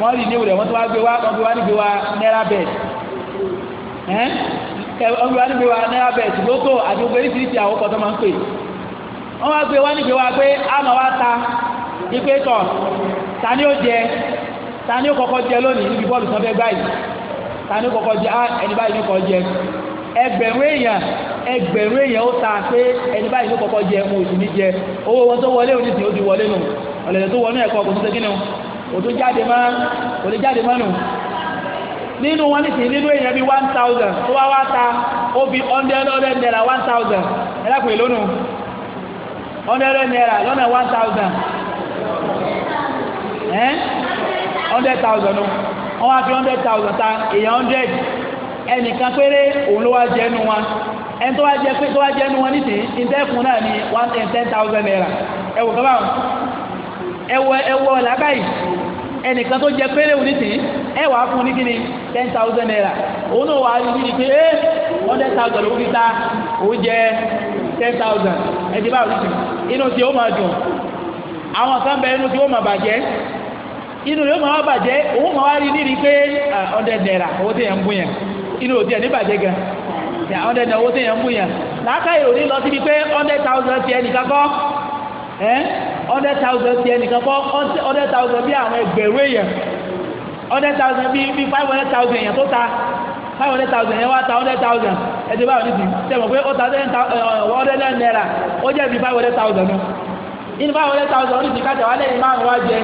wọ́n rí ní ìwúrọ̀ wọ́n tó wá gbé wá wọ́n gbé wá nígbé wá náírà bẹ́ẹ̀ ọgbẹ́ wa níbi wa náírà bẹ̀ẹ̀tì lótò àti gbogbo oríṣiríṣi àwọn ọkọ̀ tó máa ń pè wọ́n wá pé wá níbi wa pé àmọ́ wa ta ipe tọ̀ ta ni ó jẹ ta ni ó kọ́kọ́ jẹ lónìí níbi bọ́ọ̀lù sanfẹ́ báyìí ta ni ó kọ́kọ́ jẹ ẹni báyìí ní kọ́ jẹ ẹgbẹ̀rún èèyàn ẹgbẹ̀rún èèyàn ó ta pé ẹni báyìí ló kọ́kọ́ jẹ ohun òsì ní jẹ owó wọn tó wọlé òní sìn ó ti wọlé nù ọ̀lẹ̀lẹ̀ tó wọnú ẹ̀kọ́ kò tó ṣe kí ni o tó jáde mọ́ kò lè jáde mọ́ nù nínú wọn nìsín nínú èèyàn bíi one thousand tó wá wá ta ó fi hundred hundred naira one thousand hundred naira lọ́nà one thousand ẹ́ hundred thousand o wọ́n wá fi hundred thousand ta èèyàn hundred ẹnìkan péré òun ló wá jẹ́ nu wọn ẹni tó wá jẹ́ pé tó wá jẹ́ nu wọn ìtẹ́kùn náà ni one ten thousand naira ẹ̀wò kọ́ báwọn ẹ̀wò làbáyìí. ẹnìkan tó jẹ péré òní tì ẹ wà fún ten thousand naira òun náà wà á rí pé ẹ hundred thousand ló fi ta òun jẹ ten thousand ẹ bá òní tì inú tí ó máa dùn àwọn kan bẹ inú tí ó máa bàjẹ́ inú yóò máa bàjẹ́ òun máa wá rí pé hundred naira owó tí yẹn ń bú yẹn inú òtí ní naira owó tí yẹn ń bú yẹn làákàyè òní lọ síbi pé hundred thousand ti ẹnìkan hundred thousand ti ẹnìkan kọ́ hundred thousand bí àwọn ẹgbẹ̀rún èèyàn hundred thousand bí bí five hundred thousand èèyàn tó ta five hundred thousand wá ta thousand báwọn pé naira ó jẹ bí five hundred thousand náà inú five hundred thousand wá márùn wá jẹ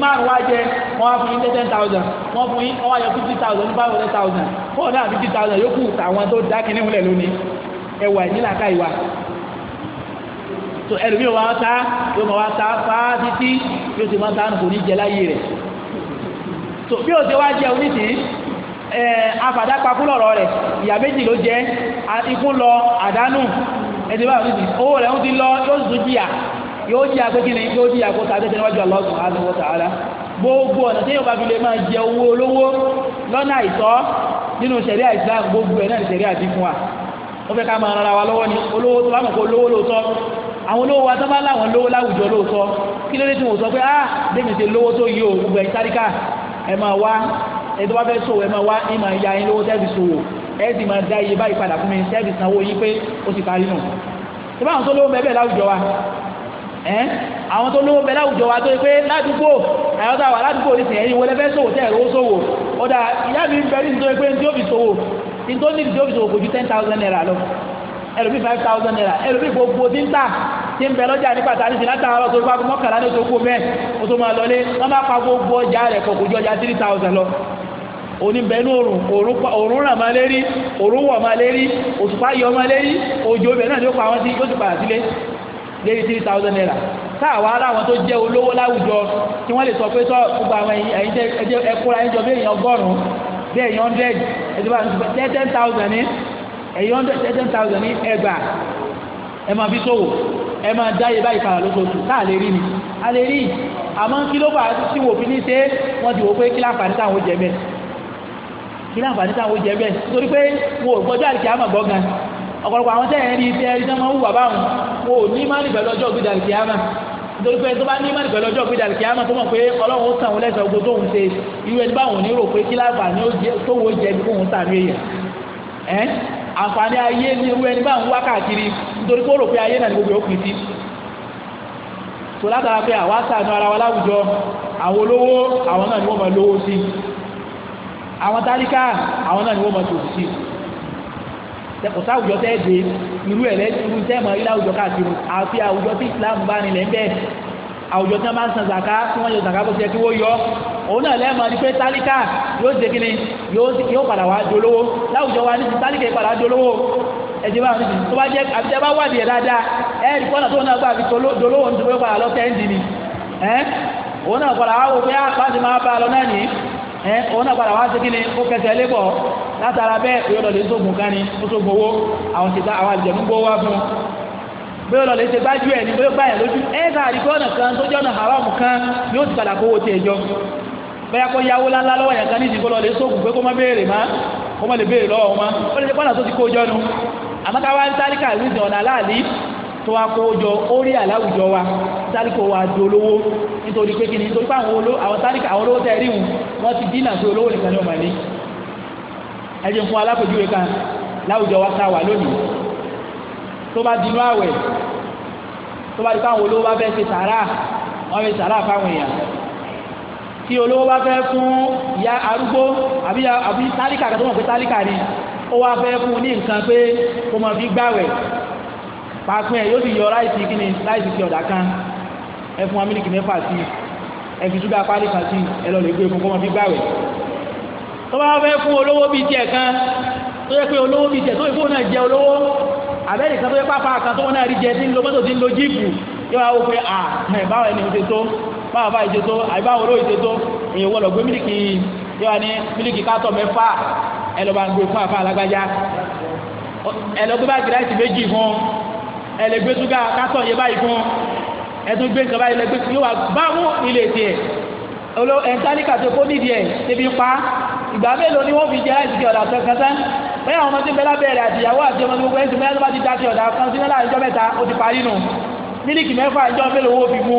márùn wá jẹ fún yín ten thousand fún yín fifty thousand five hundred thousand four hundred and tó ẹlòmíì wá sá yóò máa wá sá fáá títí yóò ti máa sá nù kò láyé rẹ̀ tó bí o ti wá jẹ oníṣìí ẹ afàdápakú lọ̀rọ̀ rẹ̀ ìyá méjì ló jẹ ikú lọ àdánù ẹni bá oníṣìí owó rẹ̀ ń ti lọ yóò tún jìyà yóò jìyà pé kíni yóò jìyà kó ta tẹ́tẹ́ níwájú Allah subhanahu wa ta'ala gbogbo ọ̀nà tí yóò bá fi lè máa jẹ owó olówó lọ́nà àìtọ́ nínú ṣẹ̀ríà Islam gbogbo ẹ̀ náà ní ṣẹ̀ríà dín fún wa ó fẹ́ ká máa rara wa lọ́wọ́ ni olówó tó bá mọ̀ kó olówó lóòótọ́ àwọn olówó wa tó bá láwọn lówó láwùjọ lóòótọ́ kí ló dé tí wọ́n sọ pé ah bẹ́ẹ̀ mi ṣe lówó tó yí o gbogbo ẹ̀yin táríkà ẹ máa wá ẹ tó bá fẹ́ sòwò ẹ máa wá ẹ máa ya yín lówó tẹ́ẹ̀bì sòwò ẹ sì máa dá iye báyìí padà fún mi tẹ́ẹ̀bì sanwó yín pé ó sì parí nù ṣé báwọn tó lówó mẹ́bẹ̀ láwùjọ wa ẹ àwọn tó lówó mẹ́bẹ̀ láwùjọ wa tó yẹ pé ládùúgbò àwọn táwa ládùúgbò ní sìn ẹ̀yin wọlé fẹ́ sòwò tẹ́ẹ̀ rówó sòwò ó dà ìyá mi bẹ̀rẹ̀ nítorí pé ní tí ó fi sòwò ní tó ní tí ó fi sòwò kò ju ten thousand naira lọ ẹlòmí five thousand naira ẹlòmí gbogbo tí ń tà tí ń bẹ lọ́jà ní pàtàkì sí látara lọ sórí wàgbọ́n mọ́kànlá ní oṣooṣù mẹ́ o máa lọlé wọ́n bá pa gbogbo ọjà rẹ̀ kọ̀ ọjà three thousand lọ oníbẹ̀ẹ́nu òrùn òrùn ràn máa lérí òrùn wọ̀ máa lérí òtùpá yọ máa lérí òjò ibẹ̀ náà ni ó pa àwọn tí ó ti padà sílé lérí three thousand naira káàwá aláwọn tó jẹ́ olówó láwùjọ tí wọ́n lè sọ pé tọ́ gbogbo àwọn ẹ̀yìn ẹ̀kúra ẹ̀jọ̀ bí èèyàn ọgọ́rùn-ún bí èèyàn hundred ẹ̀jọ̀ bá ten thousand ní ẹ̀yọ́ hundred ten thousand ní ẹgbà ẹ máa fi ṣòwò ẹ máa dá iye báyìí padà lóṣooṣù tá a lè rí ni a lè rí àmọ́ kí ló fà á tí wò fi ní ṣe wọ́n ti wò pé kí láǹfààní táwọn jẹ bẹ́ẹ̀ kí láǹfààní táwọn jẹ bẹ́ẹ̀ nítorí pé wọn ò gbọ́dọ̀ àlìkí àmọ̀ gbọ́ gan ọ̀pọ̀lọpọ̀ àwọn tẹ̀ ẹ́ rí tẹ́ ẹ́ rí tẹ́ máa ń wù bàbá wọn wọn ò ní má ní pẹ̀lú ọjọ́ gbé àlìkí àmọ̀ nítorí pé tó bá ní mọ́ni pẹ̀lú ọjọ́ ìpínlẹ̀ àlùkìyàmá tó mọ̀ pé ọlọ́run ó sàn wọn lẹ́sẹ̀ ogun tó ń ṣe irú ẹni báwọn ò ní rò pé kí láǹfààní tó wo jẹ bí kóun sàánú èèyàn ẹ́ àǹfààní ayé ní ewé ẹni bá ń wá káàkiri nítorí pé rò pé ayé náà ní gbogbo òkùn sí tó látara pé àwa ṣàánú ara wa láwùjọ àwọn olówó àwọn náà ni wọ́n máa lówó sí àwọn tálíkà àwọn náà ni wọ́n máa tòkù sí tẹkọtà àwùjọ tẹ dé irú ẹ lẹ irú tẹ mọ ilé àwùjọ káàkiri àfi àwùjọ tí Islam bá nílẹ̀ ń bẹ àwùjọ tí wọ́n bá ń san zaka tí wọ́n yọ zaka bó ti yẹ kí wọ́n yọ òun náà lẹ́ẹ̀mọ́ ni pé tálíkà yóò ṣe kí ni yóò padà wá dolówó láwùjọ wa ní ti tálíkà padà dolówó ẹ̀jẹ̀ bá mi tó bá jẹ́ àbíjẹ́ bá wà díẹ̀ dáadáa ẹ̀ẹ́dì kọ́nà tó náà gbà fi dolówó ní tó padà lọ tẹ́ǹdì ni òun náà padà wá wò pé ah, bá ti máa bá a lọ náà nìyí òun náà padà wá sí kí ni ó kẹsẹ̀ lébọ̀ látara bẹ́ẹ̀ òun lọ́lẹ̀ sógun kan ni ó tó gbowó àwọn ti ta àwọn àlùjẹ̀mú gbowó wá fún un bí ó lọ́lẹ̀ ṣe gbájú ẹ̀ ni bí ó gbáyà lójú ẹ̀ káàdì kan tó jọ́nà haram kan ni ó ti padà kówó tiẹ̀ jọ bẹ́yà kọ́ yáwó lálá lọ́wọ́ yẹn kan ní ìsìnkú lọ́lẹ̀ sókùn pé kó má béèrè má kó má lè béèrè lọ́wọ́ wọn ó lè ṣe pọ́nà tó ti kó jọ́nu àmọ́káwá tálíkà lùzì ọ̀nà aláàlí tó wá kó jọ ó rí wa tálíkà wa di nítorí pé kí ni nítorí pé àwọn tálíkà àwọn olówó tẹ́ tí olówó bá fẹ́ fún ìyá arúgbó àbí tálíkà kàtó mọ̀ pé tálíkà ni ó wá fẹ́ fún ní nǹkan pé kó mọ̀ fi gbàwẹ̀ pàápín ẹ̀ yóò sì yọ láìsí kíni láìsí ti ọ̀dà kan ẹ fún wa mílíkì mẹ́fà sí ẹ fi ṣúgà pálí kan sí ẹ lọ lè gbé e fún kó mọ̀ fi gbàwẹ̀ tó bá fẹ́ fún olówó bíi tiẹ̀ kan tó yẹ pé olówó bíi tiẹ̀ tó ìfowó náà jẹ olówó àbẹ́rẹ́ kan tó yẹ pápá kan tó wọn náà rí jẹ tí ń lo mọ́tò tí ń lo jíìpù yóò wá wò pé à mẹ̀ báwọn ẹni báwọn bá ìṣe tó àbí báwọn olóyè ṣe tó èyàn wọlọ gbé mílíkì yóò wá ní mílíkì kátọ mẹ́fà ẹ lọ bá ń gbé fún àfa alágbájá ẹ lọ gbé báàgì láìsí méjì fún ẹ lè gbé ṣúgà kátọ yẹ báyìí fún ẹ tún gbé nǹkan báyìí lẹ gbé yóò wá báwọn ilé tiẹ̀ olo ẹ̀ńtálíkà tó kó nídìí ẹ̀ tẹ̀bi pa ìgbà mélòó ni wọ́n fi jẹ́ láìsí ọ̀dà kankan bẹ́ẹ̀ àwọn ọmọdé bẹ́ẹ̀ lábẹ́rẹ́ àtìyàwó àti ọmọdé gbogbo ẹ̀sìn mẹ́ta bá ti dá sí ọ̀dà kan sí mẹ́ta ìjọ mẹ́ta ó ti parí nù mílíkì mẹ́fà ìjọ mélòó wo fi mú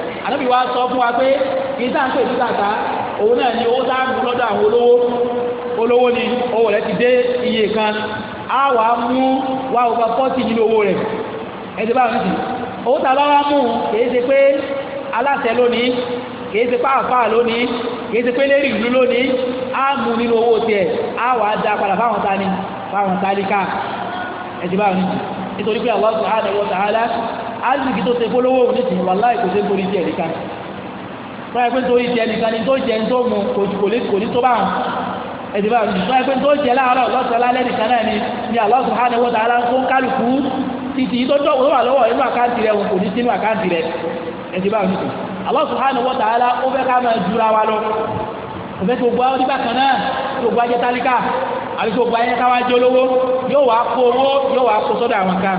ànábì wa sọ fún wa pé kì í sáǹpẹ̀ ní sàkà òun náà ni owó sáà mú lọ́dọ̀ àwọn olówó olówó ni owó rẹ̀ ti dé iye kan á wà á mú wá over forty nínú owó rẹ̀ ẹ̀dẹ̀ báwọn nìyí owó tá a bá wá mú kìí ṣe pé aláṣẹ lónìí kìí ṣe pàápàá lónìí kìí ṣe pé lérí ìlú lónìí á mú nínú owó tiẹ̀ á wà á dá padà fáwọn tani fáwọn tálíkà ẹ̀dẹ̀ báwọn nìyí nítorí pé Allah subhanahu wa azìkì tó ṣe polówó ní ti wà láì kò ṣe torí ti ẹ̀ríkà wọ́n yẹ pé torí ti ẹ̀ríkà ni tó jẹ́ tó mu kò ní tó bá wọn ẹ̀dì bá wọn wọ́n yẹ pé tó jẹ́ láàárọ̀ lọ́sọ̀ lálẹ́ náà ni ni Allah subhanahu wa ta'ala kó kálukú títí tó tọ́ wọ́n wà lọ́wọ́ inú àkáǹtì rẹ̀ wọn kò ní sínú àkáǹtì rẹ̀ ẹ̀dì bá wọn Allah subhanahu wa ta'ala ó fẹ́ ká máa jura wa lọ kò fẹ́ gbogbo àwọn onígbà kan náà gbogbo ajẹ́ tálíkà àbí gbogbo ayé káwájú olówó yóò wá kó owó yóò wá kó sọ́dọ̀ àwọn kan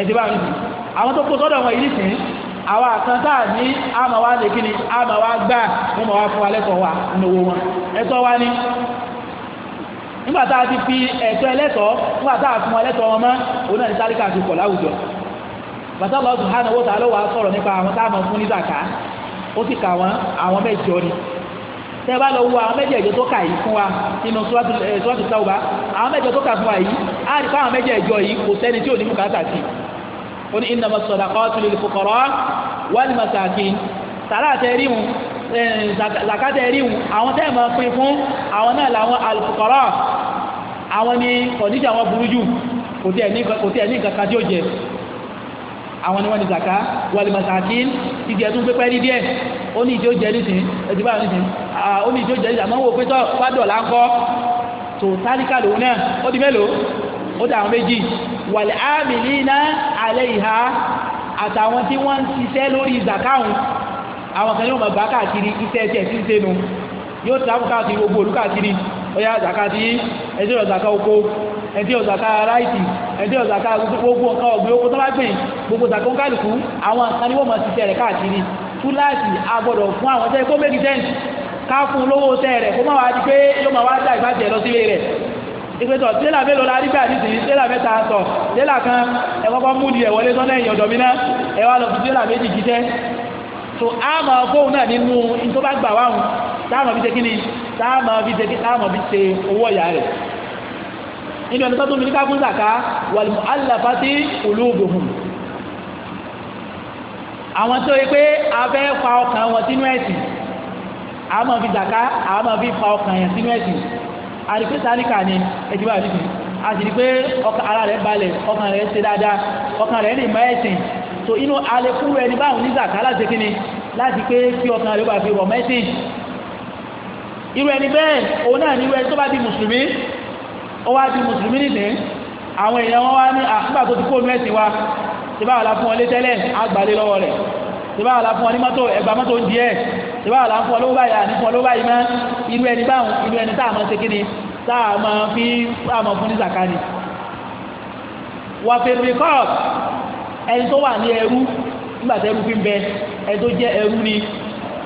ẹ̀dì bá wọn àwọn tó kó sọ́dọ̀ wọn yìí sìn àwọn àkàn ní àmà lè kí ni àmà wa gbà wọn mọ̀ wá fún wa lẹ́tọ̀ọ́ wa nowó wọn ẹ̀tọ́ wa ni nígbà tá a ti fi ẹ̀tọ́ ẹlẹ́tọ̀ọ́ nígbà tá a fún wa lẹ́tọ̀ọ́ wọn mọ́ òun náà ní tálíkà ti pọ̀ láwùjọ bàtà Allah subhanahu wa ta'ala wá sọ̀rọ̀ nípa àwọn tá a mọ̀ fún ní zàká ó sì kà tó kà yìí fún wa nínú Suratul eh, àwọn mẹ́jọ tó kà fún wa yìí á rí fáwọn mẹ́jẹ̀ẹ̀jọ yìí kò sẹ́ni tí ò ní bùkátà sí ó ní innama sadaqatu lil fuqara wal masakin sàrà àtẹ̀ríhùn zakatẹ̀ríhùn àwọn tẹ́ máa pín fún àwọn náà làwọn al-fuqara àwọn ni kọ̀díjà wọn burú jù kò tí ẹ̀ ní kankan tí ó jẹ àwọn ni wọ́n ni zaka wal masakin ìdí ẹ̀tún pípẹ́ ní díẹ̀ wàlẹ̀ ámìlì náà alẹ́ ìhà àtàwọn tí wọ́n ń ṣiṣẹ́ lórí ìzàkáhùn àwọn kan yóò máa bá káàkiri iṣẹ́ ẹ̀ṣẹ̀ sí sẹ́nu yóò tàbí káàkiri gbogbo olú káàkiri ọ̀yà zàká tí ẹ̀dí ọ̀zàká oko ẹ̀dí ọ̀zàká ráìtì ẹ̀dí ọ̀zàká gbogbo ọ̀kan ọ̀gbìn oko tó bá gbìn gbogbo zàkó kálukú àwọn kan ní wọ́n máa ṣiṣẹ́ rẹ̀ káàkiri túláàsì agbọ́dọ̀ fún àwọn tẹ́ kó méjì tẹ́ǹtì ìgbésọ̀ tẹ́là mélòó la rí gbà nísìnyí tẹ́là mẹ́ta sọ tẹ́là kan ẹ kọ́kọ́ mú di ẹ̀wọ́lé tán lẹ́yìn ọ̀dọ̀ mi náà ẹ wá lọ fi tẹ́là méjì jíṣẹ́ so a máa fóun náà nínú tó bá gbà wáhùn táàmà fi ṣe kí ni táàmà fi ṣe táàmà fi ṣe owó ọ̀yà rẹ̀ nínú ẹni tó tún mi ní káfún zàká wàlùmù alàfàtì olóògùn àwọn tó yẹ pé a fẹ́ fa ọkàn wọn sínú ẹ̀sìn a máa fi zàká a máa fi fa ọkàn yẹn sínú ẹ̀sìn àrípé sáríkà ni ẹ̀dìbà nìkan a sì rí pé ara rẹ̀ balẹ̀ ọkàn rẹ̀ ṣe dáadáa ọkàn rẹ̀ lè mọ ẹ̀sìn tó inú alẹ́kúrú ẹni báwọn ní zàkà láti kí ni láti pé kí ọkàn rẹ̀ bá fi rọ̀ mẹ́sìn irú ẹni bẹ́ẹ̀ òun náà ní irú ẹni tó bá di mùsùlùmí ó wá di mùsùlùmí nìsín àwọn èèyàn wọn wá ní àkúgbà tó ti kó nu ẹ̀sìn wa tí báwọn la fún ọ lé tẹ́lẹ̀ àgbàlé lọ́wọ́ rẹ̀ tí báwọn la fún ọ ní mọ́tò ẹgbàá mọ́tò ń ìbá wàlá ń fún ọlọ́wọ́ báyìí àní fún ọlọ́wọ́ báyìí mọ́ irú ẹni báwọn irú ẹni tá a máa ṣe ni tá a máa fi a máa fún ní zaka ni. wà fèrè kọ́ọ̀b ẹni tó wà ní ẹrú nígbà tí ẹrú fi ń bẹ ẹni tó jẹ́ ẹrú ni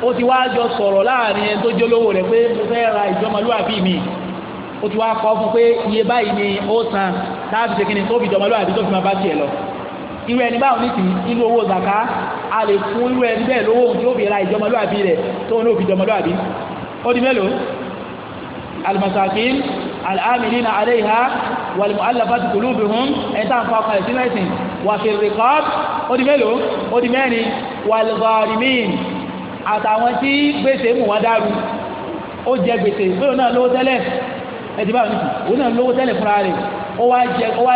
ó ti wá jọ sọ̀rọ̀ láàrin ẹni tó jólówó rẹ̀ pé mo fẹ́ ra ìjọmọlúwàbí mi ó ti wá kọ́ fún pé iye báyìí ni ó san láàbì ṣe ni tó fi ìjọmọlúwàbí tó fi máa bá tiẹ̀ lọ irú ẹni báwọn nìsín inú owó zaka a lè fún irú ẹni bẹ́ẹ̀ lówó tí ó fi ra ìjọmọlúwàbí rẹ̀ tó ní òfin ìjọmọlúwàbí ó di mélòó almasakin al'amilina alayha walmu'allafati qulubuhum ẹ̀ta ń fa ọkọ̀ ẹ̀sìn lẹ́sìn wà ó wá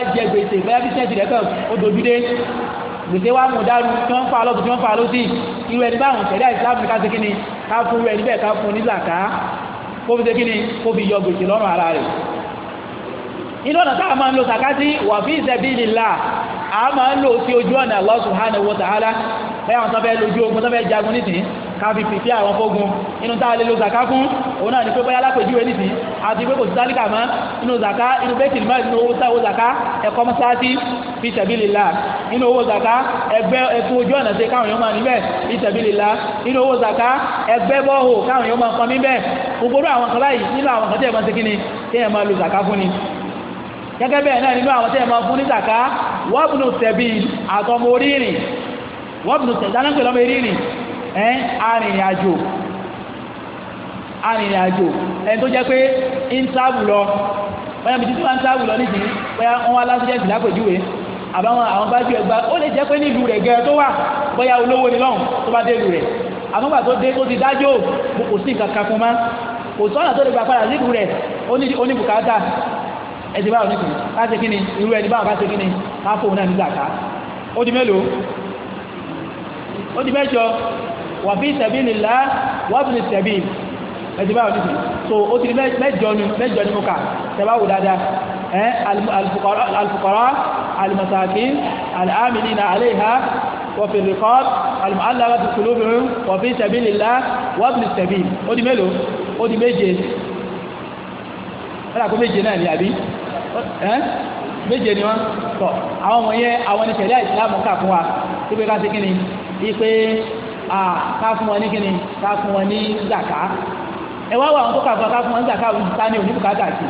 jẹ gbèsè bẹ́ẹ̀ bí sẹ́ẹ̀tì rẹ̀ ó dojú gbèsè wa mú dàrú tí wọ́n ń fa lọ́tù tí wọ́n ń fa lọ́sì irú ẹni báwọn ṣẹ̀dá ìsìlámù ká ṣe kíni ká fún irú ẹni bẹ́ẹ̀ ká fún nílàká kó fi ṣe kíni kó fi yọ gbèsè lọ́rùn ara rẹ̀ inú ọ̀nà táà máa ń lo sàkásí wà fi sabilillah à máa ń lò sí ojú ọ̀nà Allah subhanahu wa ta'ala bẹ́ẹ̀ àwọn tó fẹ́ lójú ogun tó fẹ́ jagun nísìnyí ká fi pèsè àwọn fógun inú tá a lè lo zaka fún òun náà ni pé bóyá lápèjúwe nísìnyí àti pé kò sí sálíkà mọ́ inú zaka inú bẹ́ẹ̀tì mọ́ inú owó sáwó zaka ẹ̀kọ́ mọ́sáàtì fi sabilillah inú owó zaka ẹgbẹ́ ẹkú ojú ọ̀nà sí káwọn èèyàn máa níbẹ̀ fi sabilillah inú owó zaka ẹgbẹ́ bọ́ọ̀hù káwọn èèyàn ni ni gẹ́gẹ́ bẹ́ẹ̀ náà nínú àwọn tí fún ní zaka wọ́n bùnú tẹ̀bí àtọmọ orírìn wọ́n bìnú tẹ̀sán náà pè lọ́mọ eré rìn ẹ́ arìnrìn àjò arìnrìn àjò ẹni tó jẹ́ pé ń tábù lọ bóyá bìtítí máa ń tábù lọ nídìí bóyá wọ́n wá lásìjẹ́sì lápèjúwe àbáwọn àwọn bá ju ẹgbàá ó lè jẹ́ pé ní ìlú rẹ̀ gẹ́rẹ́ tó wà bóyá olówó ni lọ́hùn tó bá dé ìlú rẹ̀ àmọ́gbà tó dé tó ti dájò kò sí nǹkan kan fún ma kò sọ́nà tó lè gbà padà sílùú rẹ̀ ó ní bùkátà ẹ̀sìn báwọn nìkan láti kí ni irú ẹni báwọn bá ti kí ni ká fóun náà ní zàká ó di mélòó ó di mẹ́jọ wà fi sabilillah wà fi sabil ẹ̀dí báwọn ti so ó ti mẹ́jọ ni mẹ́jọ ni mo kà tẹ́bá wò dáadáa ẹ́ al-fuqara al-masakin al-amilina alayha wa fi riqab méje ni wọ́n tọ̀ àwọn ọmọ yẹn àwọn ẹni tẹ̀lé àìsílámù fún wa tó pé ká ṣe kí ni wípé ká fún wọn ní kíni ká fún wọn ní zaka ẹ wá wà wọn tó kà fún wa ká fún wọn ní zaka òun ta ni oníbùkátà sí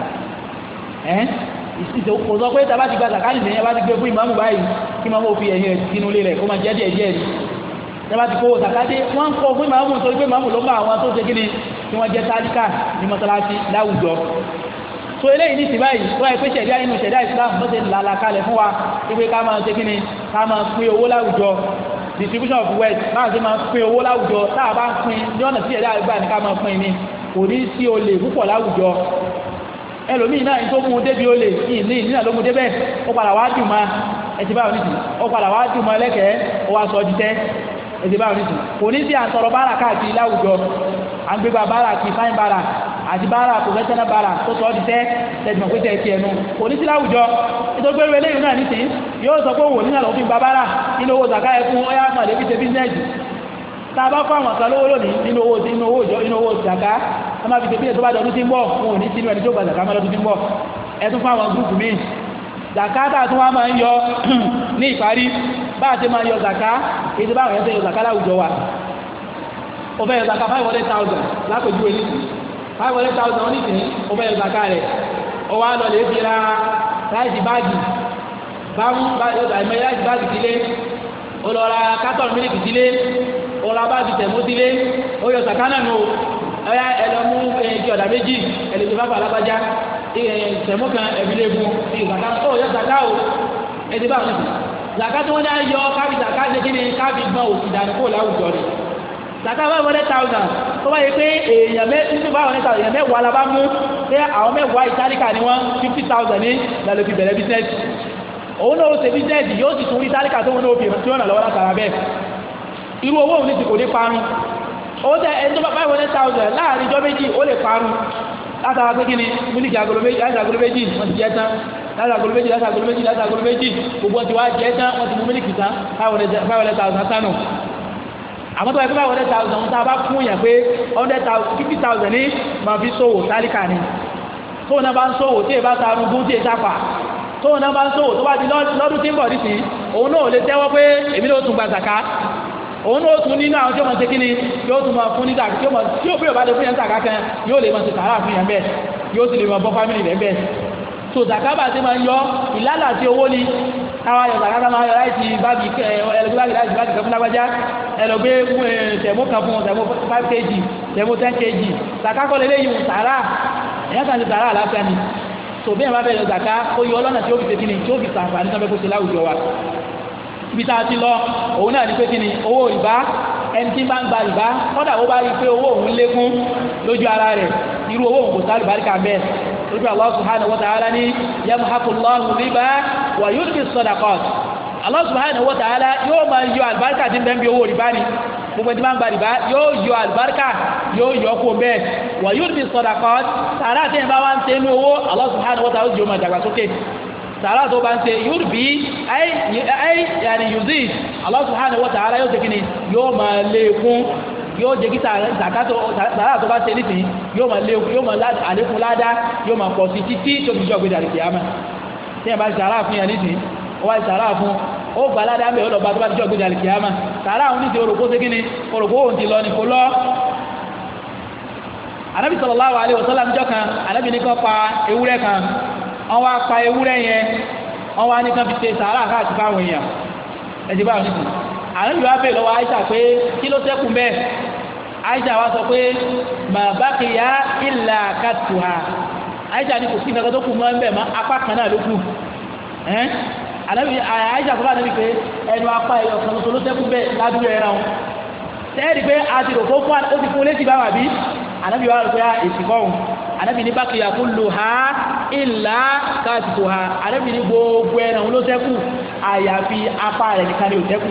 ẹ ìsìtò kò sọ pé tábà ti gba zaka nìyẹn bá ti gbé fún ìmáàmù báyìí kí máa mọ òfin ẹ̀yìn rẹ̀ sínú ilé rẹ̀ kó máa jẹ́ díẹ̀ díẹ̀ ni tábà ti kó zaka dé wọ́n ń kọ́ fún ìmáàmù torí pé ìmáàmù ló mọ àwọn tó ṣe kíni tí wọ́n jẹ́ tálíkà ní mọ́sálásí láwùjọ so eléyìí ní ti báyìí wọ́n yẹ pé ṣẹ̀dá inú ṣẹ̀dá Islam ló ti làlà kalẹ̀ fún wa wípé ká máa ṣe kíni ká máa pín owó láwùjọ distribution of wealth báwọn ṣe máa ń pín owó láwùjọ táà bá ń pín ní ọ̀nà tí ẹ̀dá àgbà ní ká máa pín ní kò ní sí olè púpọ̀ láwùjọ ẹlòmíì náà ní tó mú un débi olè ìní ìnínà ló mú un débẹ̀ ó padà wá dùn máa ẹtì báwọn nìsí ó padà wá dùn máa lẹ́kẹ̀ẹ́ ó wá sọ jítẹ́ ẹtì báwọn nìsí kò ní sí à bára káàkiri láwùjọ à bára kì í fáìn bára àti bára professional bára tó sọ ọ́ di tẹ́ tẹ̀sùmọ̀ pé tẹ̀sí ẹnu kò ní sí láwùjọ nítorí pé ìwé lẹ́yìn náà nìsín yóò sọ pé òun nínú àlọ́ òfin bàbára nínú owó zaka ẹ̀ fún ọyá kan lẹ́bí ṣe bísíǹsì tá a bá fún àwọn kan lówó lónìí nínú owó nínú owó ìjọ nínú owó zaka wọ́n máa fi ṣe bísíǹsì tó bá dọdún tí ń bọ̀ wọn ò ní sínú ẹni tó gba zaka mọ́lọ́dún tí ń bọ̀ ẹ tún fún àwọn gúrùpù míì zaka tá a tún wá máa ń yọ ní ìparí bá a ti máa yọ zaka èyí tó five hundred thousand onísìn ó fẹ́ gbàgbà rẹ̀ ó wá lọ lè fi ra láìsí báàgì báàmú àìmọye láìsí báàgì sílé ó lọ ra carton mílíkì sílé ó ra báàgì tẹ̀mú sílé ó yọ sàkánà nù ó yá ẹ lọ mú ẹ̀ẹ́dì ọ̀dà méjì ẹ̀lẹ́dì bá bà lágbájá tẹ̀mú kan ẹ̀mílẹ̀ fún ìgbàgbà ó yọ sàká o ẹ̀dì bá wọn sàká tí wọ́n dá yọ kábì sàká ṣe kí ni kábì gbọ́n òsì dànù kó láwùjọ rẹ̀ zaka five hundred thousand tó bá yẹ pé èèyàn mẹ fifty five hundred thousand èèyàn mẹ́wàá la bá mú pé àwọn mẹ́wàá ìtálíkà ni wọ́n fifty thousand ní lálẹ́ fi bẹ̀rẹ̀ business òun náà ó ṣe business yóò sì tún rí ìtálíkà tó wọn náà fi tí wọ́n nà lọ́wọ́ látara bẹ́ẹ̀ irú owó òun ní ti kò ní parun owó tẹ ẹni tó bá five hundred thousand láàrin ijọ́ méjì ó lè parun látara pé kí ni mílíkì agolo méjì láti agolo méjì wọ́n ti jẹ́ tán láti agolo méjì láti agolo méjì láti agolo méjì gbogbo ti wá jẹ́ tán wọ́n ti mú mílíkì tán five hundred thousand tánù àmọ́ tó bá yẹ kó bá hundred thousand wọn tá a bá fún yẹn pé hundred thousand fifty thousand ní máa fi ṣòwò tálíkà ni tóun náà bá ń ṣòwò tí èèbá ta arúgbó tí èèbá fà tóun náà bá ń ṣòwò tó bá di lọ́dún tí ń bọ̀ nísìnyí òun náà ò lè tẹ́wọ́ pé èmi ló tún gba zaka òun náà tún nínú àwọn tí ó máa ṣe kíni yóò tún máa fún ní zaka tí ó máa tí ó fi òbá lè fún yẹn zaka kan yóò lè fún so zaka bá ti máa ń yọ ìlànà káwá yọ sàkà ká máa yọ láìsí báàgì ẹlòmí báàgì láìsí báàgì kẹfún lágbájá ẹlòmí tẹmó kan fún tẹmó five kg tẹmó ten kg sàkà kọ́ lé léyìn sàrà ẹ̀yà kan ti sàrà àlàáfíà ni tòbí ẹ̀ bá bẹ̀rẹ̀ sàkà ó yọ ọlọ́nà tí ó fi ṣe kí ni tí ó fi sàǹfààní sábẹ́ kó ṣe láwùjọ wa ibi tá a ti lọ òun náà ní pé kí ni owó ìbá ẹni tí bá ń gba ìbá kọ́dà ó bá rí i pé owó òun lékún lójú ara rẹ̀ irú owó òun torí Allah subhanahu wa ta'ala ní yamhaqu Allahu riba wa yurbi sadaqat Allah subhanahu wa ta'ala yóò máa yọ àlùbáríkà tí ń bẹ ń bí owó rìbá ni gbogbo ẹni máa ń gba rìbá yóò yọ àlùbáríkà yóò yọ kó bẹ́ẹ̀ wa yurbi sadaqat sàrà àti ẹ̀ bá wá ń tẹ́ inú owó Allah subhanahu wa ta'ala yóò jẹ́ kí sàrà tó bá ṣe nísìnyí yóò máa léwu yóò máa àlékún ládá yóò máa pọ̀ sí títí tó fi jọ́ gbẹdàrí kìámà tí ẹ bá sàrà fún yẹn nísìnyí ó wá sàrà fún ó gbà ládá mẹ́ ọlọ́ba tó bá ti jọ́ gbẹdàrí kìámà sàrà òun nísìnyí orògbó ṣe kí ni orògbó òun ti lọ ní kó lọ. anabi sallallahu alaihi wasallam jọ kan anabi ní kan pa ewúrẹ́ kan wọ́n wá pa ewúrẹ́ yẹn wọ́n wá ní kan fi ṣe sàrà káàkiri àrẹ́bí wa bèèrè lọ́wọ́ Aisha pé kí ló sẹ́kù bẹ́ẹ̀ Aisha wa sọ pé mà baqiya illa katuha Aisha ni kò sí nǹkan tó kù mọ́ ń bẹ̀ mọ́ apá kan náà ló kù àrẹ́bí Aisha sọ láti rí pé ẹnu apá ẹ̀yọ̀ kan tó ló sẹ́kù bẹ́ẹ̀ ládùúgbò ẹ̀ràn sẹ́ẹ̀rì pé a ti rò fún fún ó ti fún létí bá wà bí ànábì wa rò pé èsì kọ́hùn ànábì ní bákìyà kó lò ha ìlà káàtì tó ha ànábì ní gbogbo ẹran ló sẹ́kù àyàfi apá rẹ̀ nìkan ni ò sẹ́kù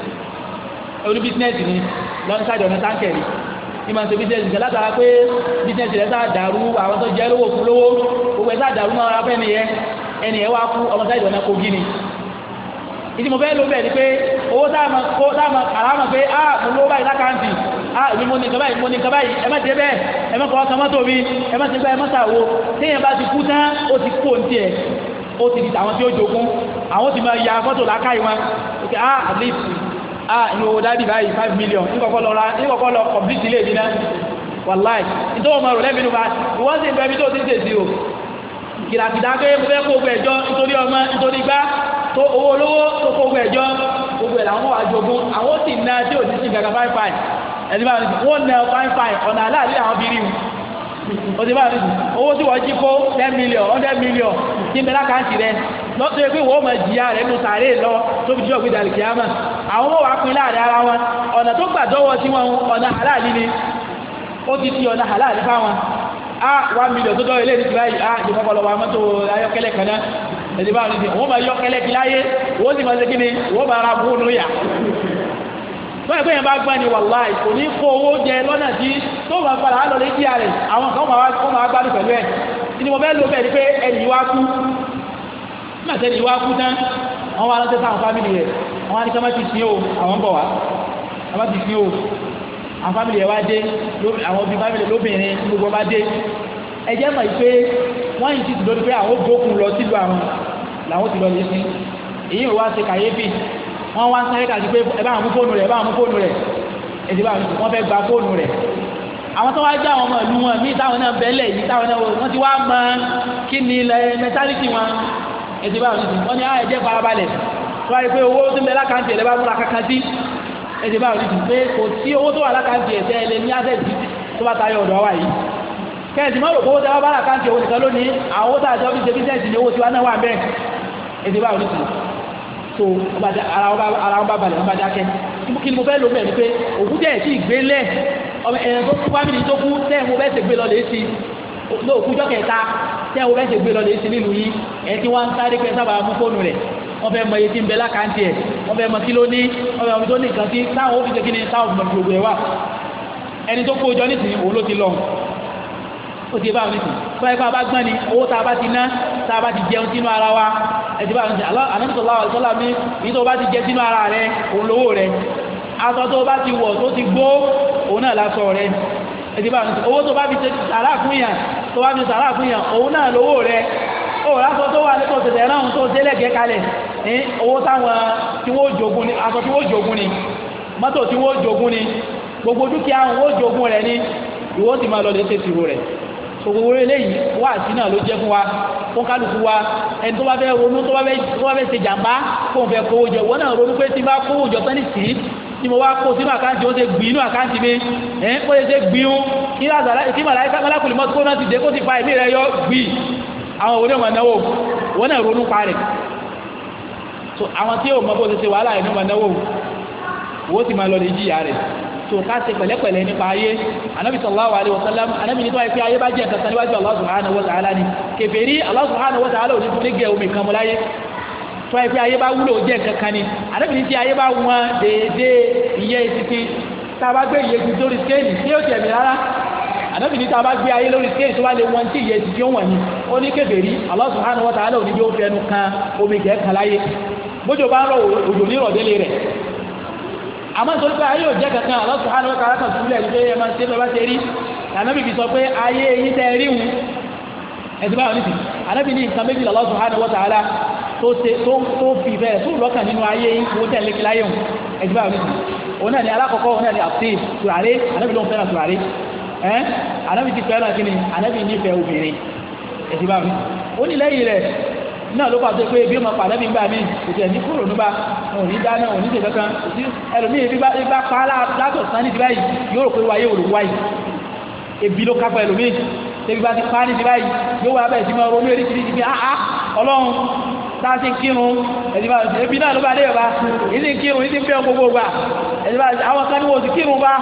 oní bísínẹ́sì ni lọ́nsáàdì ọ̀nà táǹkẹ̀rì ní ma ń ṣe bísínẹ́sì nìkan látara pé bísínẹ́sì rẹ̀ sáà dàrú àwọn tó jẹ́ lówó fún lówó gbogbo ẹ̀ sáà dàrú máa rafẹ́ mi yẹ ẹni ẹ̀ wá kú ọmọ sáàdì ọ̀nà kogi ni ìdí mo fẹ́ ló bẹ̀ ni pé owó táàmà àlámà pé a mo lówó báyìí lákàntì a èmi mo ní nǹkan báyìí mo ní nǹkan báyìí ẹ má ṣe bẹ́ẹ̀ ẹ má kọ́ kọ́mọ́tò mi ẹ má ṣe bẹ́ẹ̀ ẹ má ṣàwo téèyàn tí ya fọ́tò lákàyè wọn ah at ah ìwọ dáàdì báyìí five million nígbàkọ́ lọ ra nígbàkọ́ lọ complete ilé mi náà wàláì nítorí ọmọ rẹ̀ lẹ́mìnú bá ìwọ́n sì ń bẹ ibi tó ti ń tèsí o kìlàkìlà pé mo fẹ́ kó gbogbo ẹ̀jọ́ nítorí ọmọ nítorí gbá tó owó olówó tó kó gbogbo ẹ̀jọ́ gbogbo ẹ̀ làwọn wàá jogún àwọn ó sì na tí ò ní sí gàgà fáìfáì ẹ̀ o ti bá rí owó tí wọ́n jí kó ten million hundred million ti ń bẹ lákàntì rẹ lọ́sọ̀ pé wọ́n mọ̀ jìyà rẹ̀ nù sàárè lọ tó fi jọ́ gbé dàlì kìámà àwọn ọmọ wa pin láàrin ara wọn ọ̀nà tó gbà dọ́wọ́ sí wọn ọ̀nà halal ni ó ti ti ọ̀nà halal fáwọn a one million tó dọ́wọ́ ilé ní ti báyìí a ìfọ̀kọ̀ lọ́wọ́ mọ́tò ayọ́kẹ́lẹ́ kan náà ẹ̀dí báwọn ní ti wọ́n máa yọ́kẹ́lẹ́ kí láyé wọ́n sì máa ṣe kí ni wọ́n máa ra bóun lóyà tó ẹgbẹ́ yẹn bá gbá ni wàláì kò ní kó owó jẹ lọ́nà tí tó bá padà á lọ lé díà rẹ̀ àwọn kan kó máa gbá lù pẹ̀lú ẹ̀ ni mo bẹ́ẹ̀ lo bẹ́ẹ̀ ni pé ẹnì wá kú nígbà tẹ́lẹ̀ ìwá kú tán wọ́n wá lọ́tẹ́ sáwọn fámìlì rẹ̀ wọ́n wá ní kámá ti sin o àwọn bọ̀ wá kámá ti sin o àwọn fámìlì rẹ̀ wá dé àwọn òbí fámìlì lóbìnrin gbogbo bá dé ẹjẹ́ mọ̀ pé wọ́n yìí ti lórí pé àwọn gbókun lọ sílùú àwọn làwọn ti lọ lé sí èyí ò wá ṣe kàyéfì wọ́n wá ń sáré kàdí pé ẹ bá àwọn mú fóònù rẹ̀ ẹ bá àwọn mú fóònù rẹ̀ èdè bá wọ́n fẹ́ gba fóònù rẹ̀ àwọn tó wá jẹ́ àwọn ọmọ ìlú wọn míì táwọn náà bẹ́lẹ̀ yìí táwọn náà wọ́n ti wá mọ kí ni ilẹ̀ mẹtálítì wọn èdè bá wọ́n ní àyẹ̀jẹ́ ah, farabalẹ̀ tó wá rí pé owó tó ń bẹ lákàntì ẹ̀ lẹ́ bá múra kankan sí èdè bá wọ́n ti pé kò sí owó tó wà lákàntì ẹ̀sẹ̀ ẹ̀ lẹ́ ní àtẹ̀sí tó bá tayọ ọ̀dọ̀ wa yìí kẹ́ẹ̀sì mọ́ rò kówó tẹ́wọ́ bá làkáǹtì òun nìkan lónìí àwọn owó tààtì ọ́fíìsì bísẹ̀ẹ̀sì ni owó tiwa náà wà bẹ́ẹ̀ èdè bá wọ́n ti so ara wọn bá balẹ̀ wọn bá dákẹ́ kí ni mo fẹ́ lò mẹ́ ni pé òkú jẹ́ ẹ̀sìn ìgbélẹ̀ ọmọ ẹ̀rọ tó kú fámìlì tó kú tẹ́ ẹ̀ mo fẹ́ ṣègbè lọ lè ti ló òkú jọ́ kẹta tẹ́ ẹ̀ mo fẹ́ ṣègbè lọ lè ti nílùú yìí ẹ̀ tí wọ́n ń sáré pé sábà mú fóònù rẹ̀ wọ́n fẹ́ mọ iye tí ń bẹ lákàntì ẹ̀ wọ́n fẹ́ mọ kí ló ní wọ́n fẹ́ mọ tó ní nǹkan ó ti bá wọn nìkan tó yẹ kó a bá gbọ́n ni owó tá a bá ti ná tá a bá ti jẹun sínú ara wa ẹ ti bá wọn nìkan anábìsọ̀lá ọ̀sọ́lá mi èyí tó bá ti jẹ sínú ara rẹ òun lówó rẹ aṣọ tó bá ti wọ̀ tó ti gbó òun náà lásọ rẹ ẹ ti bá wọn nìkan owó tó bá fi ṣe sàrà fún yàn tó bá fi sàrà fún yàn òun náà lówó rẹ ó lásọ tó wà nípa òṣèlè náà tó délẹ̀gẹ́ kalẹ̀ ní owó táwọn tí wọ́n jogun ni aṣọ tí wọ́n jogun ni ni gbogbo dúkìá wọn ó ìwọ́n ti máa lọ lè ṣe tìrò rẹ̀ sòwòwò eléyìí wá àti náà ló jẹ́ fún wa fún kálukú wa ẹni tó bá fẹ́ ronú tó bá fẹ́ tó bá fẹ́ ṣe jàmbá fóun fẹ́ kówó jọ wọn náà ronú pé tí bá kówó jọ tán nìsí tí mo wá kó sínú àkáǹtì ó ṣe gbìn inú àkáǹtì mi ẹ̀ ó ṣe gbìn ó kí lásàlá kí màláìka mọ́lákùlì mọ́tò kó náà ti dé kó sì fa ìmí rẹ yọ gbìn àwọn òwúrọ̀ wọn náwó wọn náà ronú pa rẹ̀ so àwọn tí yóò mọ bó ṣe ṣe wàhálà ẹ̀ wọn náwó owó sì máa lọ lè jìyà rẹ̀ tó ká ṣe pẹ̀lẹ́pẹ̀lẹ́ nípa ayé anabi sallallahu alayhi wa sallam anabi nítorí pé ayé bá jẹ́ kankan níwájú Allah subhanahu wa ta'ala ni kèfèrí Allah subhanahu wa ta'ala ò ní fún ní gẹ̀ omi kan mu láyé tó ayé pé ayé bá wúlò jẹ́ kankan ni anabi ní ti ayé bá wọn déédéé iye ìsìnkú tá a bá gbé iye ju lórí skéèlì àmọ́ nítorí pé ayé ò jẹ́ kankan Allah subhanahu wa ta'ala kan túlẹ̀ yìí pé ẹ máa ṣe bàbá ṣe rí ànábì fi sọ pé ayé yín tẹ́ rí wù ẹ̀sìn báwọn nìsín ànábì ní nǹkan méjì Allah subhanahu wa ta'ala tó fi ìfẹ́ rẹ̀ tó lọ́kàn nínú ayé yín kó tẹ̀ lékè láyé wù ẹ̀sìn báwọn nìsín òun náà ni alákọ̀ọ́kọ́ òun náà ni àti tùràrí ànábì ló ń fẹ́ràn tùràrí ẹ́ ànábì ti fẹ́ràn kí ni ànábì nífẹ̀ẹ́ obìnrin ẹ̀sìn báwọn nìsín ó ní lẹ́yìn rẹ̀ náà ló pàṣẹ pé ebi ọmọ pàdé mi gbà mí kò tẹ̀ ní kúrò níbà òun ní dáná òun ní tẹ̀ kankan kò sí ẹlòmíì ebi bá pa á látọ̀ sani ti báyìí yóò rò pé wáyé wò ló wáyìí ebi ló kápá ẹlòmíì ebi bá ti pa á ní ti báyìí yóò wá bẹ̀rẹ̀ sí máa ronú eré kiri ti ah ah ọlọ́run táàsì ń kírun ebi náà ló bá dé ọba ìdí ń kírun ìdí ń bẹ́ẹ̀ gbogbo gbà àwọn kan ní wo ti kírun bá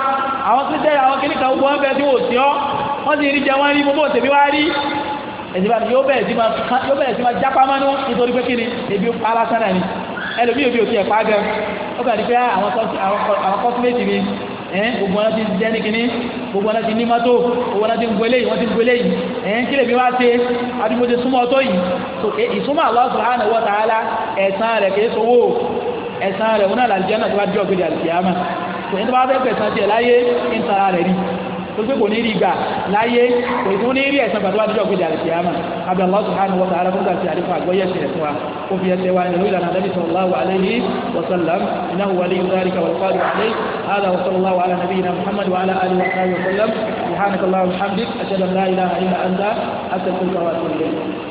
àwọn kristian àwọn kìnnìkan gbogbo wọn bẹ tí wo sí ọ wọn sì rí jẹ wọn rí gbogbo òsèbí wá rí ẹ̀sìn báyìí yóò bẹ̀rẹ̀ sí máa yóò bẹ̀rẹ̀ sí máa jápá máa ní wọn nítorí pé kíni ebi ó pa lásán náà ni ẹlòmíì òbí òtí ẹ̀ pa gan ó kàn ní pé ah, àwọn kọ́símẹ́tì mi ẹ̀ẹ́n gbogbo ọ̀nà ti jẹ́ ní kíní gbogbo ọ̀nà ti ní mọ́tò gbogbo ọ̀nà ti ń gbélé yìí wọ́n ti ń gbélé yìí ẹ̀ẹ́n kí lèmi wá ṣe àdúgbò ti súnmọ́ ọtọ́ yìí so e, ìsúnmọ́ Allah subhanahu wa ta'ala ẹ̀san rẹ̀ kìí sọ wó ẹ̀san rẹ̀ wọn náà làlùjẹ́ náà tó bá jọ́ gbé tó gbé kò ní rí gbà láyé kò tún ní rí ẹ̀sán pàtó àdújọ́ gbé dàrí kìámà abẹ́ Allah subhanahu wa ta'ala fún gàtí àdínkù àgbọ́yé ẹ̀sìn ẹ̀sìn wa ó fi ẹsẹ̀ wa nínú ìlànà Nabi sallallahu alayhi wa sallam innahu waliyyu dhalika wal qadiru alayhi hada wa sallallahu ala nabiyyina Muhammad wa ala alihi wa sahbihi wa sallam subhanaka Allahumma wa bihamdik ashhadu an la ilaha illa anta astaghfiruka wa atubu ilayk